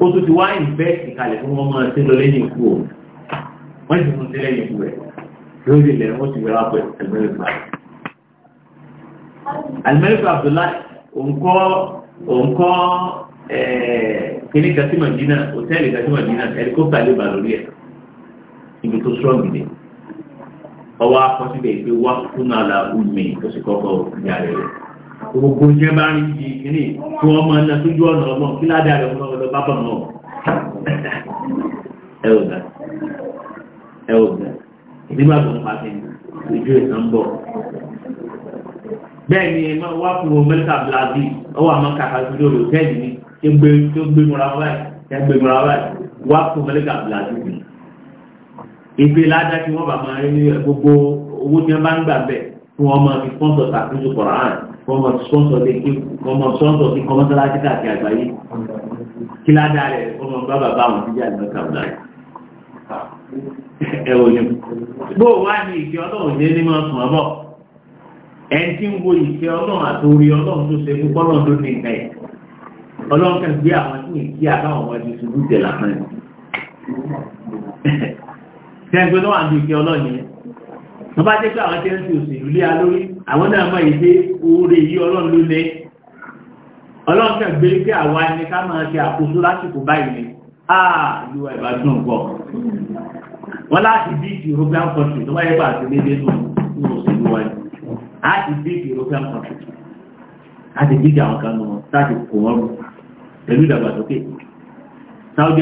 ó tó ti wá ìfẹ́ ìkàlẹ̀ fún wọn máa ṣe lọ lẹ́yìn ikú o wọ́n ti fún sí lẹ́yìn ikú rẹ̀ lórí ilẹ̀ wọ́n ti wẹ́rà pẹ̀ àlùmẹ́ríkà àlùmẹ́ríkà Abdullahi òǹkọ́ òǹkọ́ kíní kàtí Madina hòtẹ́ẹ̀lì kàtí Madina ẹ̀ríkọ́pítà lè bà lórí ẹ̀ ibi tó sọ́ọ̀gì ni ọwọ́ akọ́sílẹ̀ ìgbé wá fún àlà ùmí tó sì kọ́kọ́ ìyá rẹ̀ rẹ̀ gbogbo yẹn bá rí di kìíní tí wọ́n máa na tójú ọ̀nà ọmọ kí ládàá rẹ̀ fún ọ̀dọ̀ bábà mọ́ ẹ̀wọ̀dà ẹ̀wọ̀dà nígbà tó ń pàṣẹ ojú ìsà ń bọ̀ bẹ́ẹ̀ ni wá fún wọn mẹ́ta blazi ọwọ́ àmọ́ kàkà sí lórí òtẹ́ẹ̀lì ni tó gbé tó gbé múra báyìí tó gbé múra báyìí wá fún mẹ́ta blazi ìgbé ládàá tí wọ́n bá máa rí gbogbo owó tí wọ́n bá ń gbà bẹ́ẹ̀ fún ọmọ ìfọ́nsọ̀ tàbí ìṣòkòrò àárín kọmọ sọ́sọ̀ lè kí kọmọ sọ́sọ̀ sí kọmọ sọ́lá sí káàkiri àgbáyé kí ládàá rẹ̀ kọmọ bá bàbá àwọn tíjà ìgbà kàbùlà rẹ̀ ẹ̀wọ̀ ni bó wá ní ìfẹ́ ọlọ́run ní ní máa sùn ọbọ̀ ẹni tí ń wo ìfẹ́ ọlọ́run àtòrí ọlọ́run tó ṣe fún kọ́lọ́run tó ní ìfẹ́ ọlọ́run kan gbé àwọn tí ìkí àbáwọn wọn ti ṣubú tẹ̀ lásán ẹ̀ sẹ́ńgbẹ́ náà wà ní ìfẹ́ ọlọ́run yẹn wọ́n bá jẹ́ pé àwọn tẹ́ ń fi òṣèlú lé a lórí àwọn náà mọ̀ èdè oore yí ọlọ́run ló lẹ́ ọlọ́run kẹ́ gbé pé àwa ni ká máa ṣe àkóso lásìkò báyìí ni àà ah, ìlú ìbádùn pọ̀ wọ́n láti bí european country tó bá yẹ pé àti lédè nù ní òṣèlú wa european country a ti bí ti àwọn kan nù wọn láti kò wọ́n rù pẹ̀lú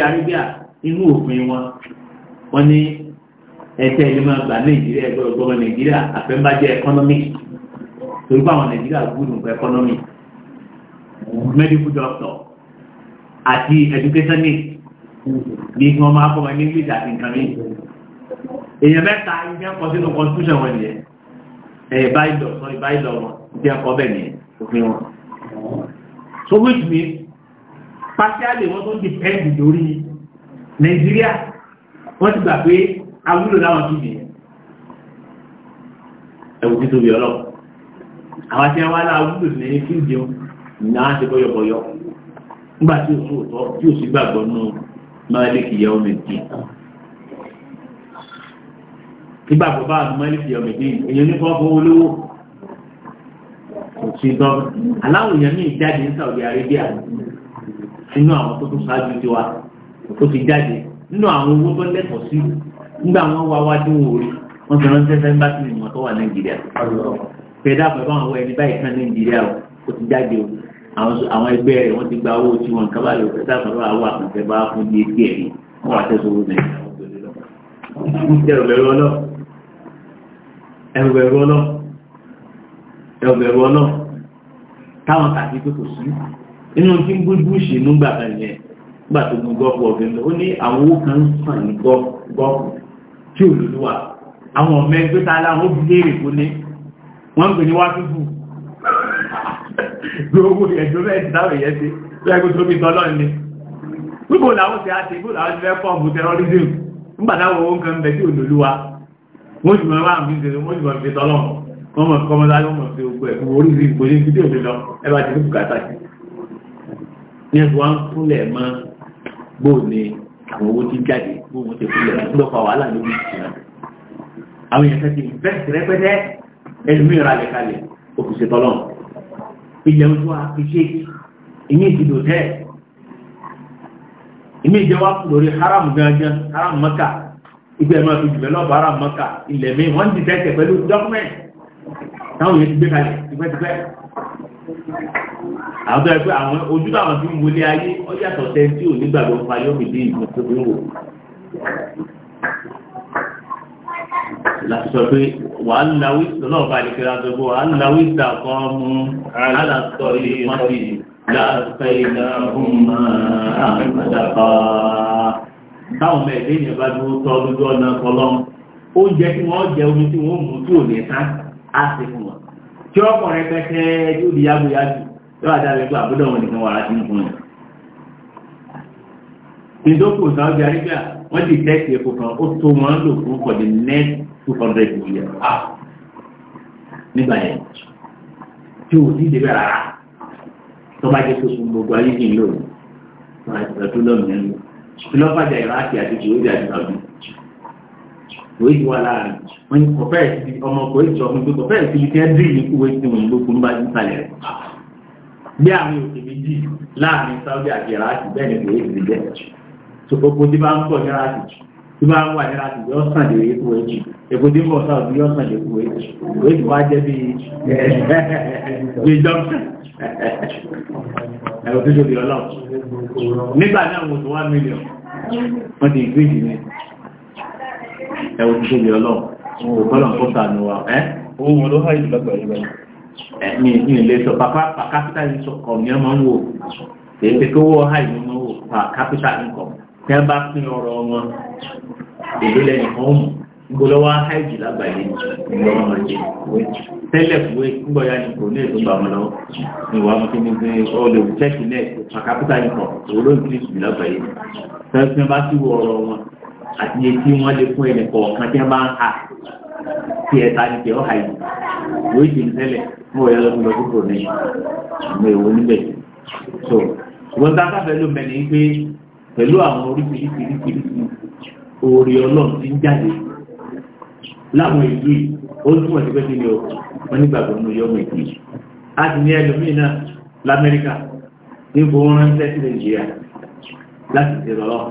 Arabia inú òfin wọn wọ́n ẹ̀tẹ́ ilé máa gbà nàìjíríà ẹgbẹ́ nàìjíríà àfẹ́mbájẹ́ economic torí pé nàìjíríà gúdù nǹkan economic medical doctor àti educationist ní kí wọ́n máa kọ́ wọn ní english àti nǹkan mi èèyàn mẹ́ta ìjẹ́ kọ sínú constitution wọn nìyẹn ẹ̀yẹ báyìí lọ sọ ìbáyìí lọ wọn ìjẹ́ kọ bẹ́ẹ̀ nìyẹn òfin wọn so which means partially wọ́n tó ń depend lórí nàìjíríà wọ́n ti gbà pé awúlò láwọn tí bìí ẹwù tí tóbi ọlọ́ àwọn tí wọ́n wá láwúlò ní ẹni tí ń jẹun ní àwọn ti bọ́yọ̀bọ́yọ̀ nígbà tí ó sóòtọ́ tí ó sì gbàgbọ́ nù mọ́lẹ́kì yẹ ọmọ ìdí nígbàgbọ́ bá mọ́lẹ́kì yẹ ọmọ ìdí èyí ní kọ́ fún olówó òsì dán aláwòyàn ní ìjáde ní Saudi Arabia nínú àwọn tó tún ṣáájú tiwa tó ti jáde nínú àwọn owó tó lẹ́tọ̀ọ́ sí nígbà wọn wá wájú orí wọn sọ ránṣẹ́ sẹ́ńbà sí ìmọ̀ tó wà nàìjíríà fẹ̀dá pẹ̀lú àwọn ẹni báyìí kan nàìjíríà ó ti jáde o àwọn ẹgbẹ́ rẹ̀ wọ́n ti gba owó tí wọn kábà lè fẹ́ sáfàrọ̀ àwọn àkànṣe bá fún ní etí ẹ̀rí wọn wà tẹ́sọ̀ owó nàìjíríà wọn gbẹ̀rẹ̀ lọ. ẹ̀rù bẹ̀rù ọlọ́ ẹ̀rù bẹ̀rù ọlọ́ ẹ̀rù bẹ̀rù ọlọ́ táwọn kàdí tó kò sí inú tí ń gbójú ìṣèlú gbàgbà yẹn gbà tó ọ̀gbìn lọ ní àwọn owó kan ń sàn ní gọ́ọ̀fù tí ò lòlú wa àwọn ọmọ ẹgbẹ́ ta láwọn ó bí léèrè kó lé wọ́n ń pè ní wá fífù gbogbo ẹ̀dùn bẹ́ẹ̀ ti dáwọ̀ ìyẹn ti tó ẹgbẹ́ tó bí tọ́lọ́ ni gbogbo làwọn ti á ti gbogbo làwọn ti fẹ́ fọ́ọ̀mù terrorism nígbà táwọn owó nǹkan bẹ tí ò lòlú wa wọ́n jù mọ́ wá ń bí ṣe wọ́n jù mọ́ fi tọ́lọ́ wọ́n mọ̀ kọ́mọ́lá ló mọ̀ fi gbogbo ẹ̀kú orí sí ìpòlé sí tí ò lè lọ ẹ bá ti ní bùkátà sí ní ẹ̀kú wa kúnlẹ̀ mọ́ gbòó ni àwọn owó tí ń jáde bó wọn ti fúnlẹ̀ lọ́fà wàhálà lórí ìṣẹ̀lẹ̀ àwọn èèyàn kan ti bẹ́ẹ̀ rẹpẹtẹ ẹlòmí ìralẹ̀ kalẹ̀ òkùnṣe tọ́lọ̀ ilẹ̀ ojú àfiṣe ìní ìdìbò tẹ́ ìní ìjẹwà lórí haram gangan haram maka ìgbẹ́ máa fi jùlọ lọ́bà haram maka ilẹ̀ mi wọ́n ti tẹ́tẹ̀ pẹ̀lú dọ́kúmẹ̀ntì táwọn èèyàn ti gbé kalẹ̀ tipẹ́tipẹ́ àwọn tó yẹ pé àwọn ojú àwọn tó ń wọlé ayé ó yàtọ̀ tẹ́ tí ò nígbàgbọ́ fa yóò fi dé ìlú tó ń wò. láti sọ pé wàá láwí lọ́wọ́ bá lè kíra sọ pé wàá láwí ìdàkọ́ mu alásọ ilé mọ́tì láàfẹ́ iná ọmọ àgbàdàkọ́. táwọn ọmọ ẹ̀dẹ́ yẹn bá dúró tọ́ lójú ọ̀nà kọlọ́m oúnjẹ tí wọ́n jẹ omi tí wọ́n mú tí ò ní ká á sì fún tí ọkùnrin pẹ́sẹ́ yóò di yágbóyájú yóò àdáre pé àbúdọ̀ wọn nìkan wà láti nìkan rẹ̀. ìdókò sáwọ́dì arígbà wọ́n ti tẹ́sí epo kan ó tó wọn lò fún for the next two hundred years ah! nígbà yẹn tí o ti débẹ̀ rárá tó bá jẹ́ tó fún gbogbo ayé kì í lò ní ọ̀rọ̀ ìtọ́jú lọ́mìnira lọ́fàjà ìrántí àti ìṣòro ìdájọ́ àbí kuwait wà láàrin wọn kò fẹ́ ti ọmọ kuwait sọ fún pé kò fẹ́ ti ti ẹ́dì ní kuwait tí wọn ló fún bá ti sàlẹ̀ rẹ̀ bí àwọn òkè méjì láàrin saudi àti iraq bẹ́ẹ̀ ni kuwait ti jẹ́ sopoko tí bá ń pọ̀ ní iraq tí bá ń wà ní iraq yóò sàn lè rí kuwait èkó tí ń bọ̀ saudi yóò sàn lè kuwait kuwait wá jẹ́ bí bí junction ẹ̀rọ tó ṣe bí ọlọ́ọ̀ nígbà náà wọ́n tó wá mílíọ̀n wọ́n ti gbé jù ẹwọ tó ṣe lè ọlọ́run òun ò bọ́lọ̀ tó sànù wa ẹ́ ohun ló háì jù lọ́gbà yìí ni wọ́n máa ń wò èyí pé ni wọ́n wò per capita income tí wọ́n bá pín ọrọ̀ wọn èdè lẹ́yìn kan mú gbọ́lọ́wọ́ háì jù lọ́gbà yìí ni wọ́n máa jẹ tẹ́lẹ̀ fúwé gbọ́ ya ní kò ní èdè bá wọn lọ́wọ́ ni wọ́n máa fi ní pé ó lè wù tẹ́kì náà per capita income òun ló àti iye tí wọ́n lè fún ẹnì kọ̀ọ̀kan tí wọ́n bá ń ha tí ẹ ta ni tẹ ọ́ ha yìí wọ́n ti ń tẹ́lẹ̀ fún ọ̀yọ́ lọ́dún lọ́dún tó ní àwọn èèwọ̀ níbẹ̀ so ṣùgbọ́n tá a bá fẹ́ ló mẹ́ni pé pẹ̀lú àwọn oríṣiríṣiríṣiríṣi oore ọlọ́run ti ń jáde láwọn ìlú yìí ó túmọ̀ sí pé kí ni o wọ́n nígbàgbọ́ nínú yọmọ ìpín a sì ní ẹlòmíì náà lamẹ́ríkà níbo wọn sí nàìjíríà láti ṣèrànlọ́wọ́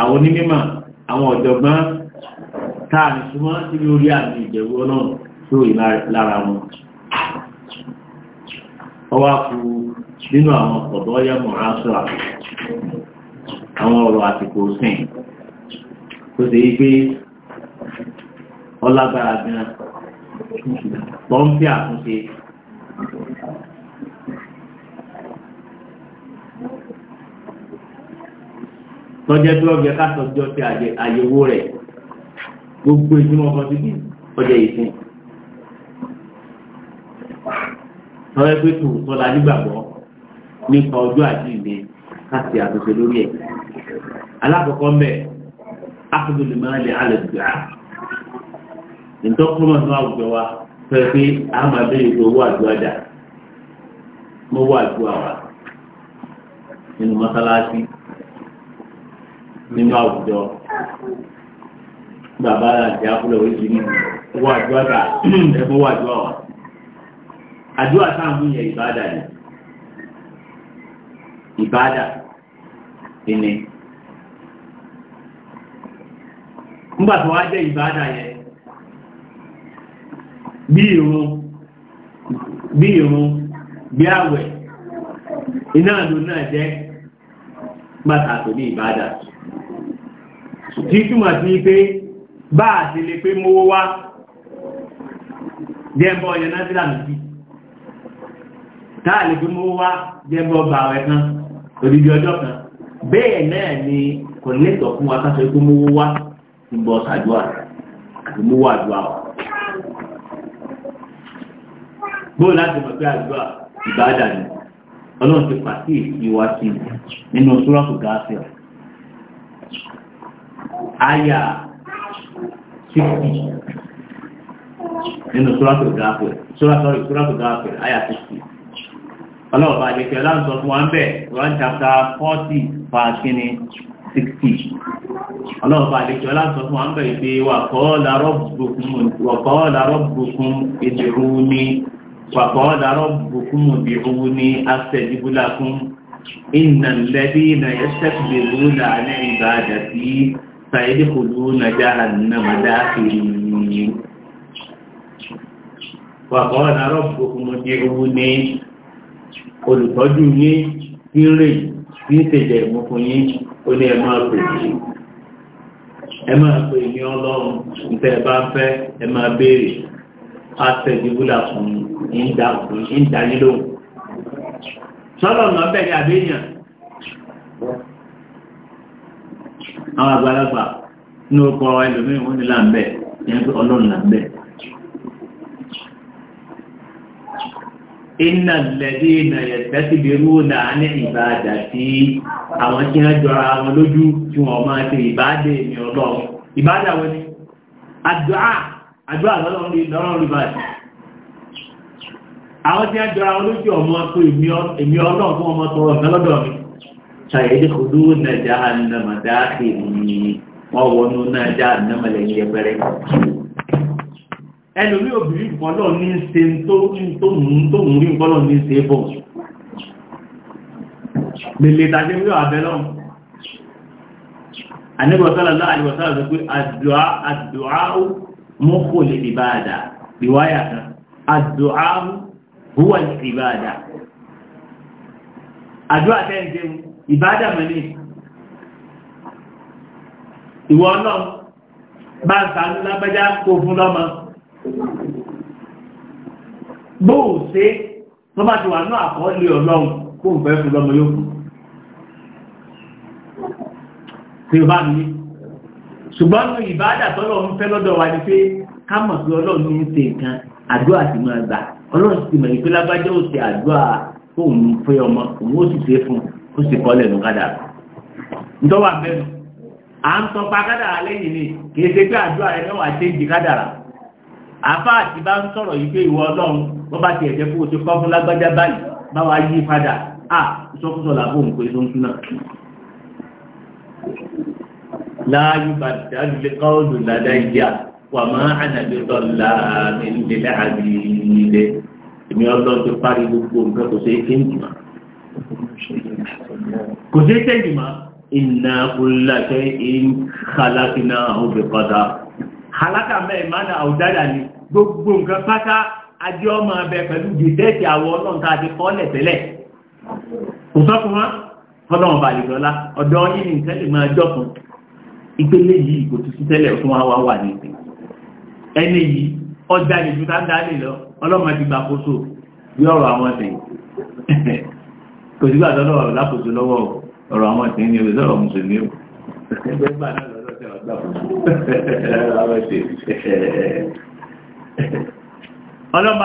àwọn onímọ̀ àwọn ọ̀jọ̀gbọ́n táà ní súnmọ́ sí lórí àmì ìjẹ̀wú ọlọ́run tó ì lára wọn ọwá kú nínú àwọn ọ̀dọ́ yẹmọ̀ asọ́ra àwọn ọ̀rọ̀ àsìkò sìn tó ṣe yí pé ọlágbára gan pọ́ńpì àtúnṣe tọ́jẹ́ tó ọjọ́ kásọ̀jọ́ ti àyẹ̀wò rẹ̀ gbogbo ìjúmọ̀ kan síbi ọjọ́ ìsìn tọ́jẹ́ pé tòótọ́ la nígbàgbọ́ nípa ọjọ́ àti ìgbé káṣí àtúnṣe lórí ẹ̀ alákọ̀ọ́kọ́ mbẹ́ akọ̀dùnlé máa lè alẹ́ dùgbà ntọ́kùnmọ̀ ní àwùjọ wa fẹ́ pé a máa bẹ̀rẹ̀ pé owó àdúrà dà mo wá àdúrà nínú àwùjọ bàbá àti àpòlọ oríṣi ní owó àdúrà ká ẹfún owó àdúrà wa àdúrà sáàmù yẹn ìbáàdà ni ìbáàdà ìní nígbà tó wá jẹ ìbáàdà yẹn bí irun bí irun bí àwẹ̀ iná àdó náà jẹ gbàtà tó ní ìbáàdà tí túmọ̀ sí pé bá àti lè pé mówó wá jẹ́bọ̀ ọ̀yẹ̀ náà sílà méjì táà lè pé mówó wá jẹ́bọ̀ ọgbà rẹ̀ kan òdìdí ọjọ́ kan bẹ́ẹ̀ náà ni kò lẹ́tọ̀ fún wa káṣọ pé mówó wá ìgbọ̀ ṣàdúrà àti mówó àdúrà wa bóò láti mọ̀ pé àdúrà ìbáàdà ni ọlọ́run ti pàṣẹ ìwá sí nínú súrọ́ọ̀tù gáàsì ọ̀hún àyà 60 nínú sóràtò gáàpẹ̀ sóràtòrì sóràtò gáàpẹ̀ àyà 60 ọlọ́ọ̀bá àjẹkẹ́ láǹsọ fún wa ń bẹ̀ Quran chapter 40 fàákíní 60 ọlọ́ọ̀bá àjẹkẹ́ láǹsọ fún wa ń bẹ̀ ìgbé wa qala rabbukum ud'uni wa qala rabbukum ud'uni astajib lakum innal ladhina yastakbiruna 'an 'ibadati سيدخلون جهنم داخلين وقال ربكم ادعوني olùtọ́jú yín tí ń rè tí ń tèjẹ̀ ìmú fún yín ó ní ẹ máa pè yí ẹ máa pè ní ọlọ́run níta ẹ bá fẹ́ ẹ máa béèrè àtẹ̀jìbúlà fún ìdáyé lóhùn sọ́lọ́mù ni àwọn àgbàlagbà ní ọkọ̀ ẹlòmíì wọ́n ní làǹbẹ̀ yẹn pé ọlọ́run làǹbẹ̀. iná lẹ́dí iná yẹ̀tẹ́sí bí rú náà ní ìbáadà sí àwọn tí wọ́n jọra wọn lójú tí wọ́n máa ṣe ìbáadà èmi ọlọ́run ìbáadà wọn ni àdúrà àdúrà lọ́lọ́run ní lọ́rọ̀ rí àwọn tí wọ́n jọra wọn lójú ọmọ pé èmi ọlọ́run fún ọmọ tọrọ ọ̀gá lọ́dọ̀ mi sàyẹ̀dì kùdú nàjà ànàmà dáàkì ní wọ́n wọnú nàjà ànàmà lẹ́yìn ẹgbẹ̀rẹ̀. ẹlòmí obìnrin kọ́lọ̀ ní ṣe tó ń rí kọ́lọ̀ ní ṣe bọ̀. lèlè tàbí wíwà abẹ́lọ́ anẹ́bọ̀sọ́lá láàrínwọ̀sọ́lá sọ pé àdùá àdùá mọ́kò lè ìbáadà ìwáyà kan àdùá húwà ìbáadà àdùá tẹ́ ń jẹun ìbádàmọ̀ ní ìwọ náà bá ń sàánú lábẹ́já kó fún lọ́mọ bóò ṣe wọ́n bá ti wà náà àkọọ́lẹ̀ ọlọ́run kó ń fẹ́ fún lọ́mọ yóò tí ó bá ní ṣùgbọ́n ìbádà tọ́lọ̀ ń fẹ́ lọ́dọ̀ wa ni pé ká mọ̀ pé ọlọ́run ní ṣe nǹkan àdúrà ti máa gbà ọlọ́run ti mọ̀ ìpínlẹ̀ bá jẹ́ òṣè àdúrà fóun fẹ́ ọmọ òun ó sì ṣe fún un ó sì kọ́ lẹ́nu kádàrá ntọ́wà mẹ́nu à ń sọ pa kádàrá lẹ́yìn ni kìí ṣe pé àdúrà rẹ mẹ́wàá ṣe ń di kádàrá àfa àti bá ń sọ̀rọ̀ yìí pé ìwọ ọlọ́run wọ́n bá ti ẹ̀jẹ̀ kó o ti kọ́ fún lágbájá báyìí bá wa yí padà à ìsọkúsọ làbó nǹkan èso ń túná. láàyè bàtà lè kọ́ òdò ládá ìyá wà máa ànàbí tọ́lá mi lè àbí ilé èmi ọlọ́run ti parí gbogbo nǹkan kò ṣe é kéńtì kò sí tẹ́lì máa iná olùlàṣẹ́ ìhàlákínà òbí padà halaka mẹ́rin máa na àwùjáda ni gbogbo nǹkan pátá adé ọmọ abẹ pẹ̀lú jìdẹ́ẹ̀tì àwọ ọlọ́run tá a ti kọ́ lẹ̀tẹ́lẹ̀ kò sọ fún wọn fọlọ́run balẹ̀ lọ́la ọ̀dọ́ yìí ní nǹkan lè máa jọ̀kun ìpele yìí kò tún sí tẹ́lẹ̀ fún wa wá wà ní ìsìn ẹni yìí ọjà ìlú tá ń dálé lọ ọlọ́run ti gbàkóso bí ọ̀rọ̀ àwọn ẹ̀sìn kò sígbà tó lọ́wọ́ lákòóso lọ́wọ́ ọ̀rọ̀ àwọn ìsìn ní mùsùlùmí o ẹgbẹ́gbà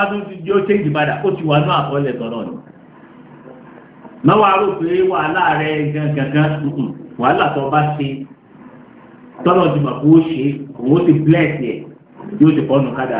tó ti jó ṣéjì padà ó ti wà náà àkọọ́lẹ̀ tọ́lọ́ ni mọ́wàá rò pé wàhálà rẹ̀ gangan wàhálà tó bá ṣe ti mọ̀ kó ṣe òun ti blẹ́ẹ̀sì ẹ̀ yóò ti pọ́nù kádà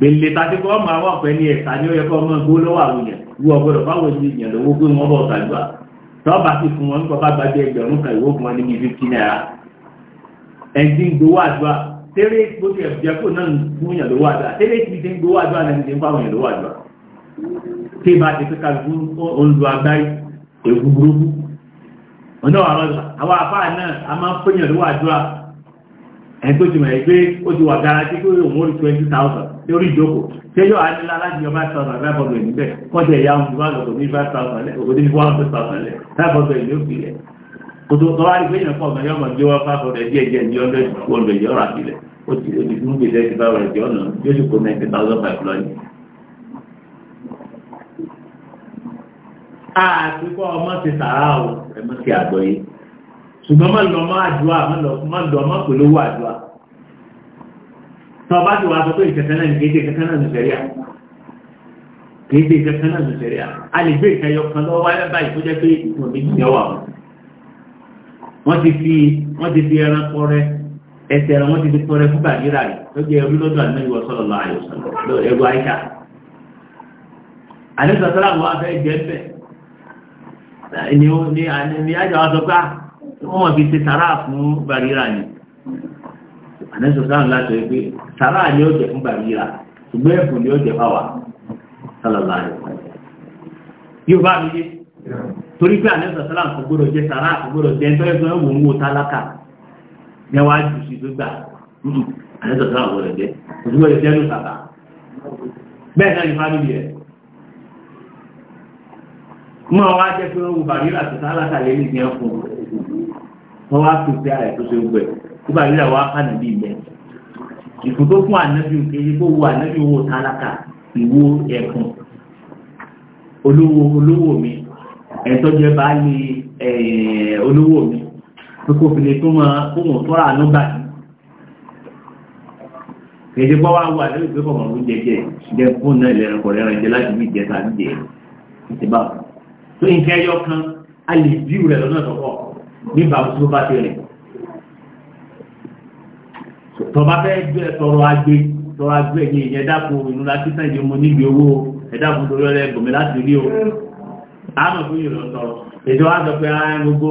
pèlè tàbí kọ́ ọmọ àwọn ọ̀pẹ ní ẹ̀ka ní ọyẹ́kọ́ ọmọ ìgbó lọ́wọ́ àwọn èèyàn wú ọgbọ́dọ̀ fáwọn ènìyàn lówó pé wọ́n bọ̀ ṣàdúrà tọ́ba sì fún wọn nípa bá gbàgbé ẹgbẹ̀rún kan ìwó fún wọn ní bíi fifty naira ẹ̀ǹtí ń gbowó àdúrà tẹ́lẹ̀ bó ti ẹ̀jẹ̀ kó náà ń fún yàn lówó àdúrà tẹ́lẹ̀ ti ti ń gbowó àdúrà náà ti ń fáwọn yàn lówó àdúrà tí bá ti kíkà fún olùdó agbárí ègbúgbúrúgbú ọ̀nà àwọn àfáà náà a máa ń fún yàn lówó àdúrà ẹni tó jùmọ̀ ẹgbẹ́ ó ti wà gara tí kó òun orí twenty thousand lórí ìjókòó ṣé yóò anílá láti yọ five thousand five hundred níbẹ̀ kọ́jà ìyá ohun ìwà àgbàdo ní five thousand lẹ̀ òkòdé ní one hundred thousand lẹ̀ five hundred ní òkè lẹ̀ kòtò tọ́wá rí pé èèyàn pọ̀ ọ̀gá yọmọ gbé wọn five hundred díẹ̀ díẹ̀ ní hundred two hundred yọ ọ̀rọ̀ àbílẹ̀ ó ti ó ti fún gbèsè ti five hundred yọ ọ̀nà yóò sì kó ninety thousand five lọ́yìn. àti kọ́ ọmọ ti sàrà o sí àgbọ̀ yìí ṣùgbọ́n má lọ má àdúrà má lọ má pè lówó àdúrà tọba ti wà sọ pé ìkẹ̀kẹ́ náà kéde ìkẹ̀kẹ́ náà nìfẹ̀ríà kéde ìkẹ̀kẹ́ náà nìfẹ̀ríà a lè gbé ìkẹyọ kan lọ́wọ́ wáyé báyìí tó jẹ́ pé ìkùn méjì yẹn wà wọ́n ti fi wọ́n ti fi ẹran kọrẹ ẹsẹ̀ ẹran wọ́n ti fi kọrẹ fún bàdíra rẹ̀ tó jẹ́ ẹrú lọ́dọ̀ àdínẹ́yìn wọ́n sọ̀rọ̀ láàyò sọ̀rọ̀ ẹrú wọ́n wọ́n fi ṣe sàrá fún bàríra ni àdẹ́sọ̀ sáà láti ẹ̀ pé sàrá ni ó jẹ fún bàríra ṣùgbọ́n ẹ̀fùn ni ó jẹ fáwà sálàlá rẹ̀ yóò bá mi yé torí pé àdẹ́sọ̀ sálà kò gbọ́dọ̀ jẹ sàrá kò gbọ́dọ̀ jẹ ẹ̀ńtọ́ ẹ̀fọ́ ẹ̀wọ̀n wo tálákà yẹwàá jù sí tó gbà àdẹ́sọ̀ sálà kò gbọ́dọ̀ jẹ kò gbọ́dọ̀ jẹ ló jẹ́ pé wọ́n wo bàríra tó tálákà lé ní ìgbẹ́ fún un wọ́n wá pèsè ààrẹ tó ṣe ń gbẹ̀ tó bá yíyàwó àkànnà bíi ilẹ̀ ìfò tó fún ànábì òkèèrè kó wo ànábì owó tálákà ìwó ẹ̀kùn olówó olówó mi ẹ̀tọ́jẹ́ bá lè olówó mi tó kò fi lè tó mọ́ ohun tọ́ra ànúgbà èdè bọ́ wá wà lórí pé kọ̀mọ̀ oúnjẹ jẹ jẹ fún náà ilẹ̀ ẹ̀kọ́ rẹ̀ jẹ láti bí ìjẹta níjẹ ìtìbá tó nǹkan ẹyọ kan a lè bí rẹ̀ lọ́nà tọ́kọ̀ọ́ nígbà tó bá ti rìn tọba fẹ́ tọrọ agbe tọrọ agbe yìí yẹn dákun ìlú láti sàn yìí mo níbi owó ẹ̀dàkùn torí ọ̀rẹ́ gòmí láti rí o àmọ̀ fún ìrọ̀ tọrọ ètò àjọ pé ah, gbogbo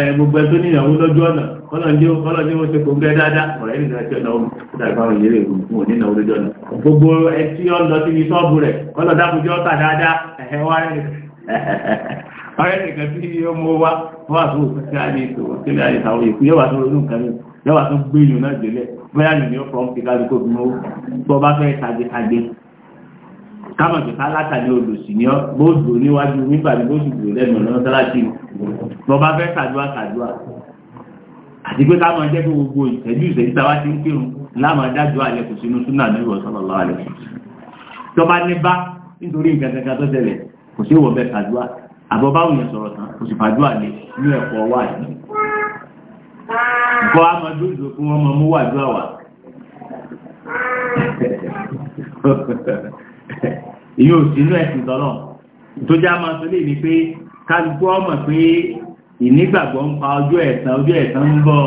ẹgbẹ́ eh, tó ní ìyàwó lọ́jọ́ ọ̀nà kọ́lọ̀dé ó ṣe kò ń gẹ́ dáadáa ọ̀rẹ́ nìkan tí ọ̀nà ọ̀hún dàgbà òun yẹrẹ ìgbìmọ̀ ní ìnáwó lọ́jọ́ ọ̀nà gbogbo ẹtí ọ̀nà tí ní sọ́ọ̀bù rẹ̀ kọ́lọ̀dá kò jọ́ dáadáa ẹ̀hẹ́ wá ọ̀rẹ́ nìkan tí ó mú wá wà tó òkúté àdé ètò òkèlè àdé àwọn èkú yóò wà tó ronú nǹkan mi yóò wà tó gbé yòó náà délẹ̀ bóyá yòó ni ó fọ́n fi kálukó fi mọ́ bọ́ bá fẹ́ tagé tagé kámọ̀ tó tálákà ní olùsí ni ọ́ bó dùn níwájú nígbà tí bó sì dùn lẹ́nu ọ̀nà mọ́sálásí bọ́ bá fẹ́ kàdúrà kàdúrà àti pé kámọ̀ jẹ́ pé gbogbo ìtẹ́jú ìṣẹ́jú tàwa ti ń kírun láàmú adájọ́ àlẹ́ kò sínú súnà ní àbọ̀báwò yẹn sọ̀rọ̀ tán kò sì fàájú àlè ní ẹ̀kọ́ wà ní. Bọ́ Amadu ìlú fún wọn mọ mú wàjú àwà. Ìyẹn ò sínú ẹ̀sìn tọ́lọ̀. Tó já máa sọ lè ní pé kálukú ọmọ pé ìnígbàgbọ́ ń pa ọjọ́ ẹ̀san ọjọ́ ẹ̀san ń bọ̀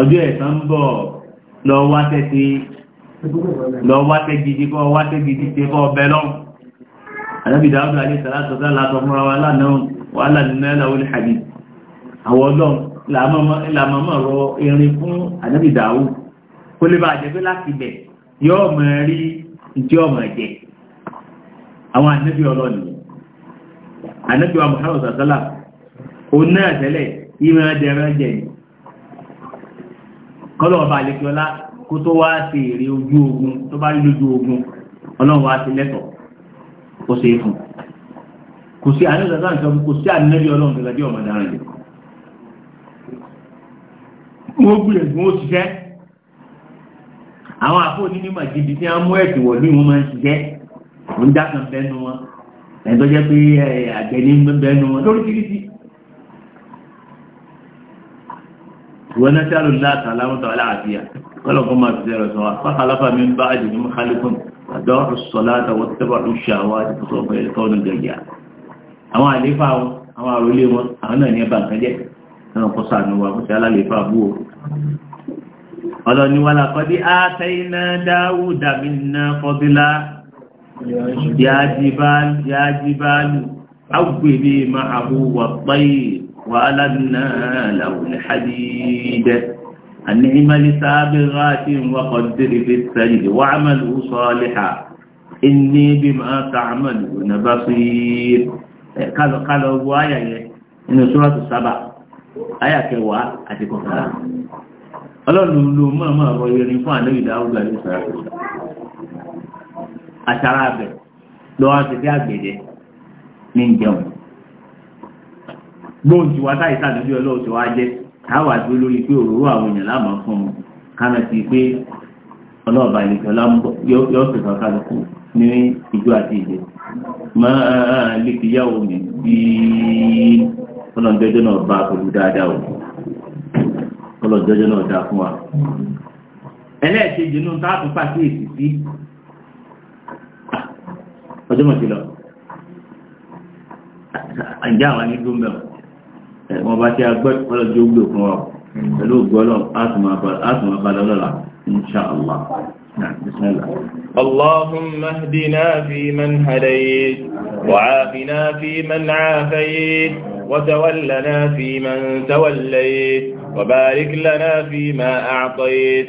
ọjọ́ ẹ̀san ń bọ̀ lọ wá tẹ́tí lọ wá tẹ́ gidi kọ́ wá tẹ́ gidi ọbẹ̀ lọ́hùn àdábì dáadọ́ alẹ́ ìsàlátọ̀tà látọ̀ fúnra wa lánàá wàhálà nínú ẹ̀làwó lè hàbí àwọn ọlọ́run làmọ́mọ́ rọ irin fún àdábì dáwù kó lè bá jẹ́ pé láti bẹ̀ yóò mọ̀ rí ìjẹ́ ọmọ ẹ̀jẹ̀ àwọn ànábì ọlọ́run ànábì wa Muhammad sàtọ́là òun náà tẹ́lẹ̀ ìmọ̀ ẹ̀dẹ̀rẹ̀ jẹ̀ kọ́lọ̀ ọba àlekíọlá kó tó wá sí ó ṣe é fún kò sí àní ìsàtà nǹkan kò sí ànẹ́bí ọlọ́run gẹ́gẹ́ bí ọmọ dára jẹ wọ́n gbìyànjú wọ́n ṣiṣẹ́ àwọn àpò onímọ̀ gidi tí wọ́n mú ẹ̀sìn wọ̀lú ìwọ̀n máa ń ṣiṣẹ́ ń dákan bẹ́nu wọn ẹ̀tọ́ jẹ́ pé àgbẹ̀ni bẹ́nu wọn lórí kìrìsì wọ́n náà ṣàlùlá àtàlámọ́tàwálá àfíà kọ́lọ̀kọ́ máa fi ṣẹ́rọ̀ sọ àdọ́rù sọ́lá àtàwọn tẹ́bà ń ṣe àwọn àti tó sọ̀rọ̀ ẹ̀kọ́ ọdún gẹ̀yà àwọn àlefa wọn àwọn àròlé wọn àwọn náà ní ẹ̀bà kan jẹ́ náà kó sànù wa kó sì alálèéfà bú o. ọlọ́ni wà lákọ́dí àtẹ́yìnà dáwù dàbí nà fọ́bílá yájíbálù àgbèrè máa àbúwà pẹ́yì wàhálà náà làwùlẹ̀ hadìdẹ́. النعم سابغات وقدر في السجد واعملوا صالحا إني بما تعملون بصير قال قال هو آية إن سورة السبع آية كوا أتكون كلام ọlọ́run ló mọ́ mọ́ ọ̀rọ̀ irin fún àlẹ́ ìdáwùgbà ní sàrẹ́sà àṣàrà abẹ lọ́wọ́ ti fi àgbèjẹ ní jẹun gbóhùn tiwa táyì sàdúgbò ọlọ́run ti wá jẹ́ káwà dúró lórí pé òróró àwọn èèyàn láàmú fún un kánà sí pé ọlọ́ọ̀bà ìlẹ̀kẹ́ yóò sọ̀tọ̀ kálukú ní ìjọ àti ìjẹ máa lékè yàwó mi bí ọlọ́ọ̀dọ́jọ́ náà bá pẹ̀lú dáadáa o ọlọ́ọ̀dọ́jọ́ náà dáa fún wa. ẹlẹ́ẹ̀kejì inú táàpù pàṣẹ èsì sí ọjọ́ mọ̀ sí lọ. ǹjẹ́ àwọn ní gómìnà wọn bá tí a gbọ́ ọlọ́ tí ó gbé fún wa pẹ̀lú gbọ́lọ́ átùmọ̀ padà lọ́la insha بسم الله اللهم اهدنا فيمن هديت وعافنا فيمن عافيت وتولنا فيمن توليت وبارك لنا فيما أعطيت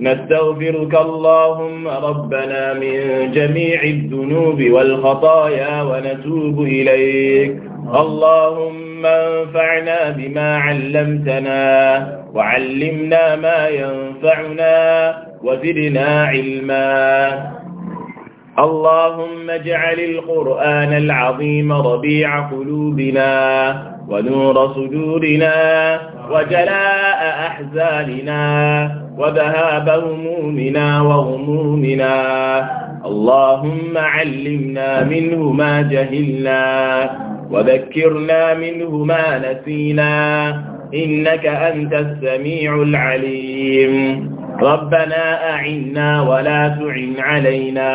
نستغفرك اللهم ربنا من جميع الذنوب والخطايا ونتوب إليك اللهم انفعنا بما علمتنا وعلمنا ما ينفعنا وزدنا علما اللهم اجعل القرآن العظيم ربيع قلوبنا ونور صدورنا وجلاء أحزاننا وذهاب همومنا وغمومنا اللهم علمنا منه ما جهلنا وذكرنا منه ما نسينا إنك أنت السميع العليم ربنا أعنا ولا تعن علينا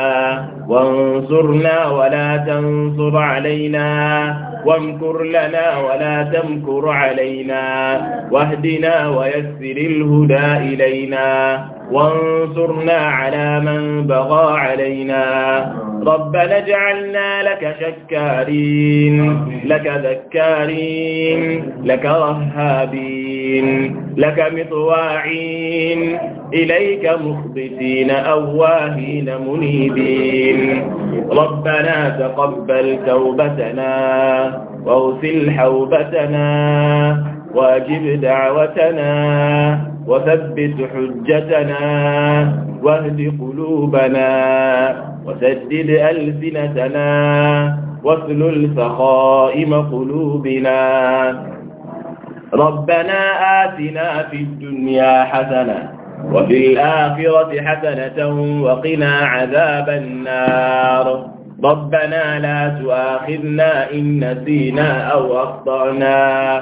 وانصرنا ولا تنصر علينا وامكر لنا ولا تمكر علينا واهدنا ويسر الهدى إلينا وانصرنا على من بغى علينا ربنا اجعلنا لك شكارين لك ذكارين لك رهابين لك مطواعين إليك مخبتين أواهين منيبين ربنا تقبل توبتنا واغسل حوبتنا واجب دعوتنا وثبت حجتنا واهد قلوبنا وسدد ألسنتنا واسلل سخائم قلوبنا ربنا آتنا في الدنيا حسنة وفي الآخرة حسنة وقنا عذاب النار ربنا لا تؤاخذنا إن نسينا أو أخطأنا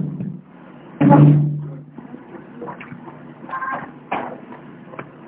嗯。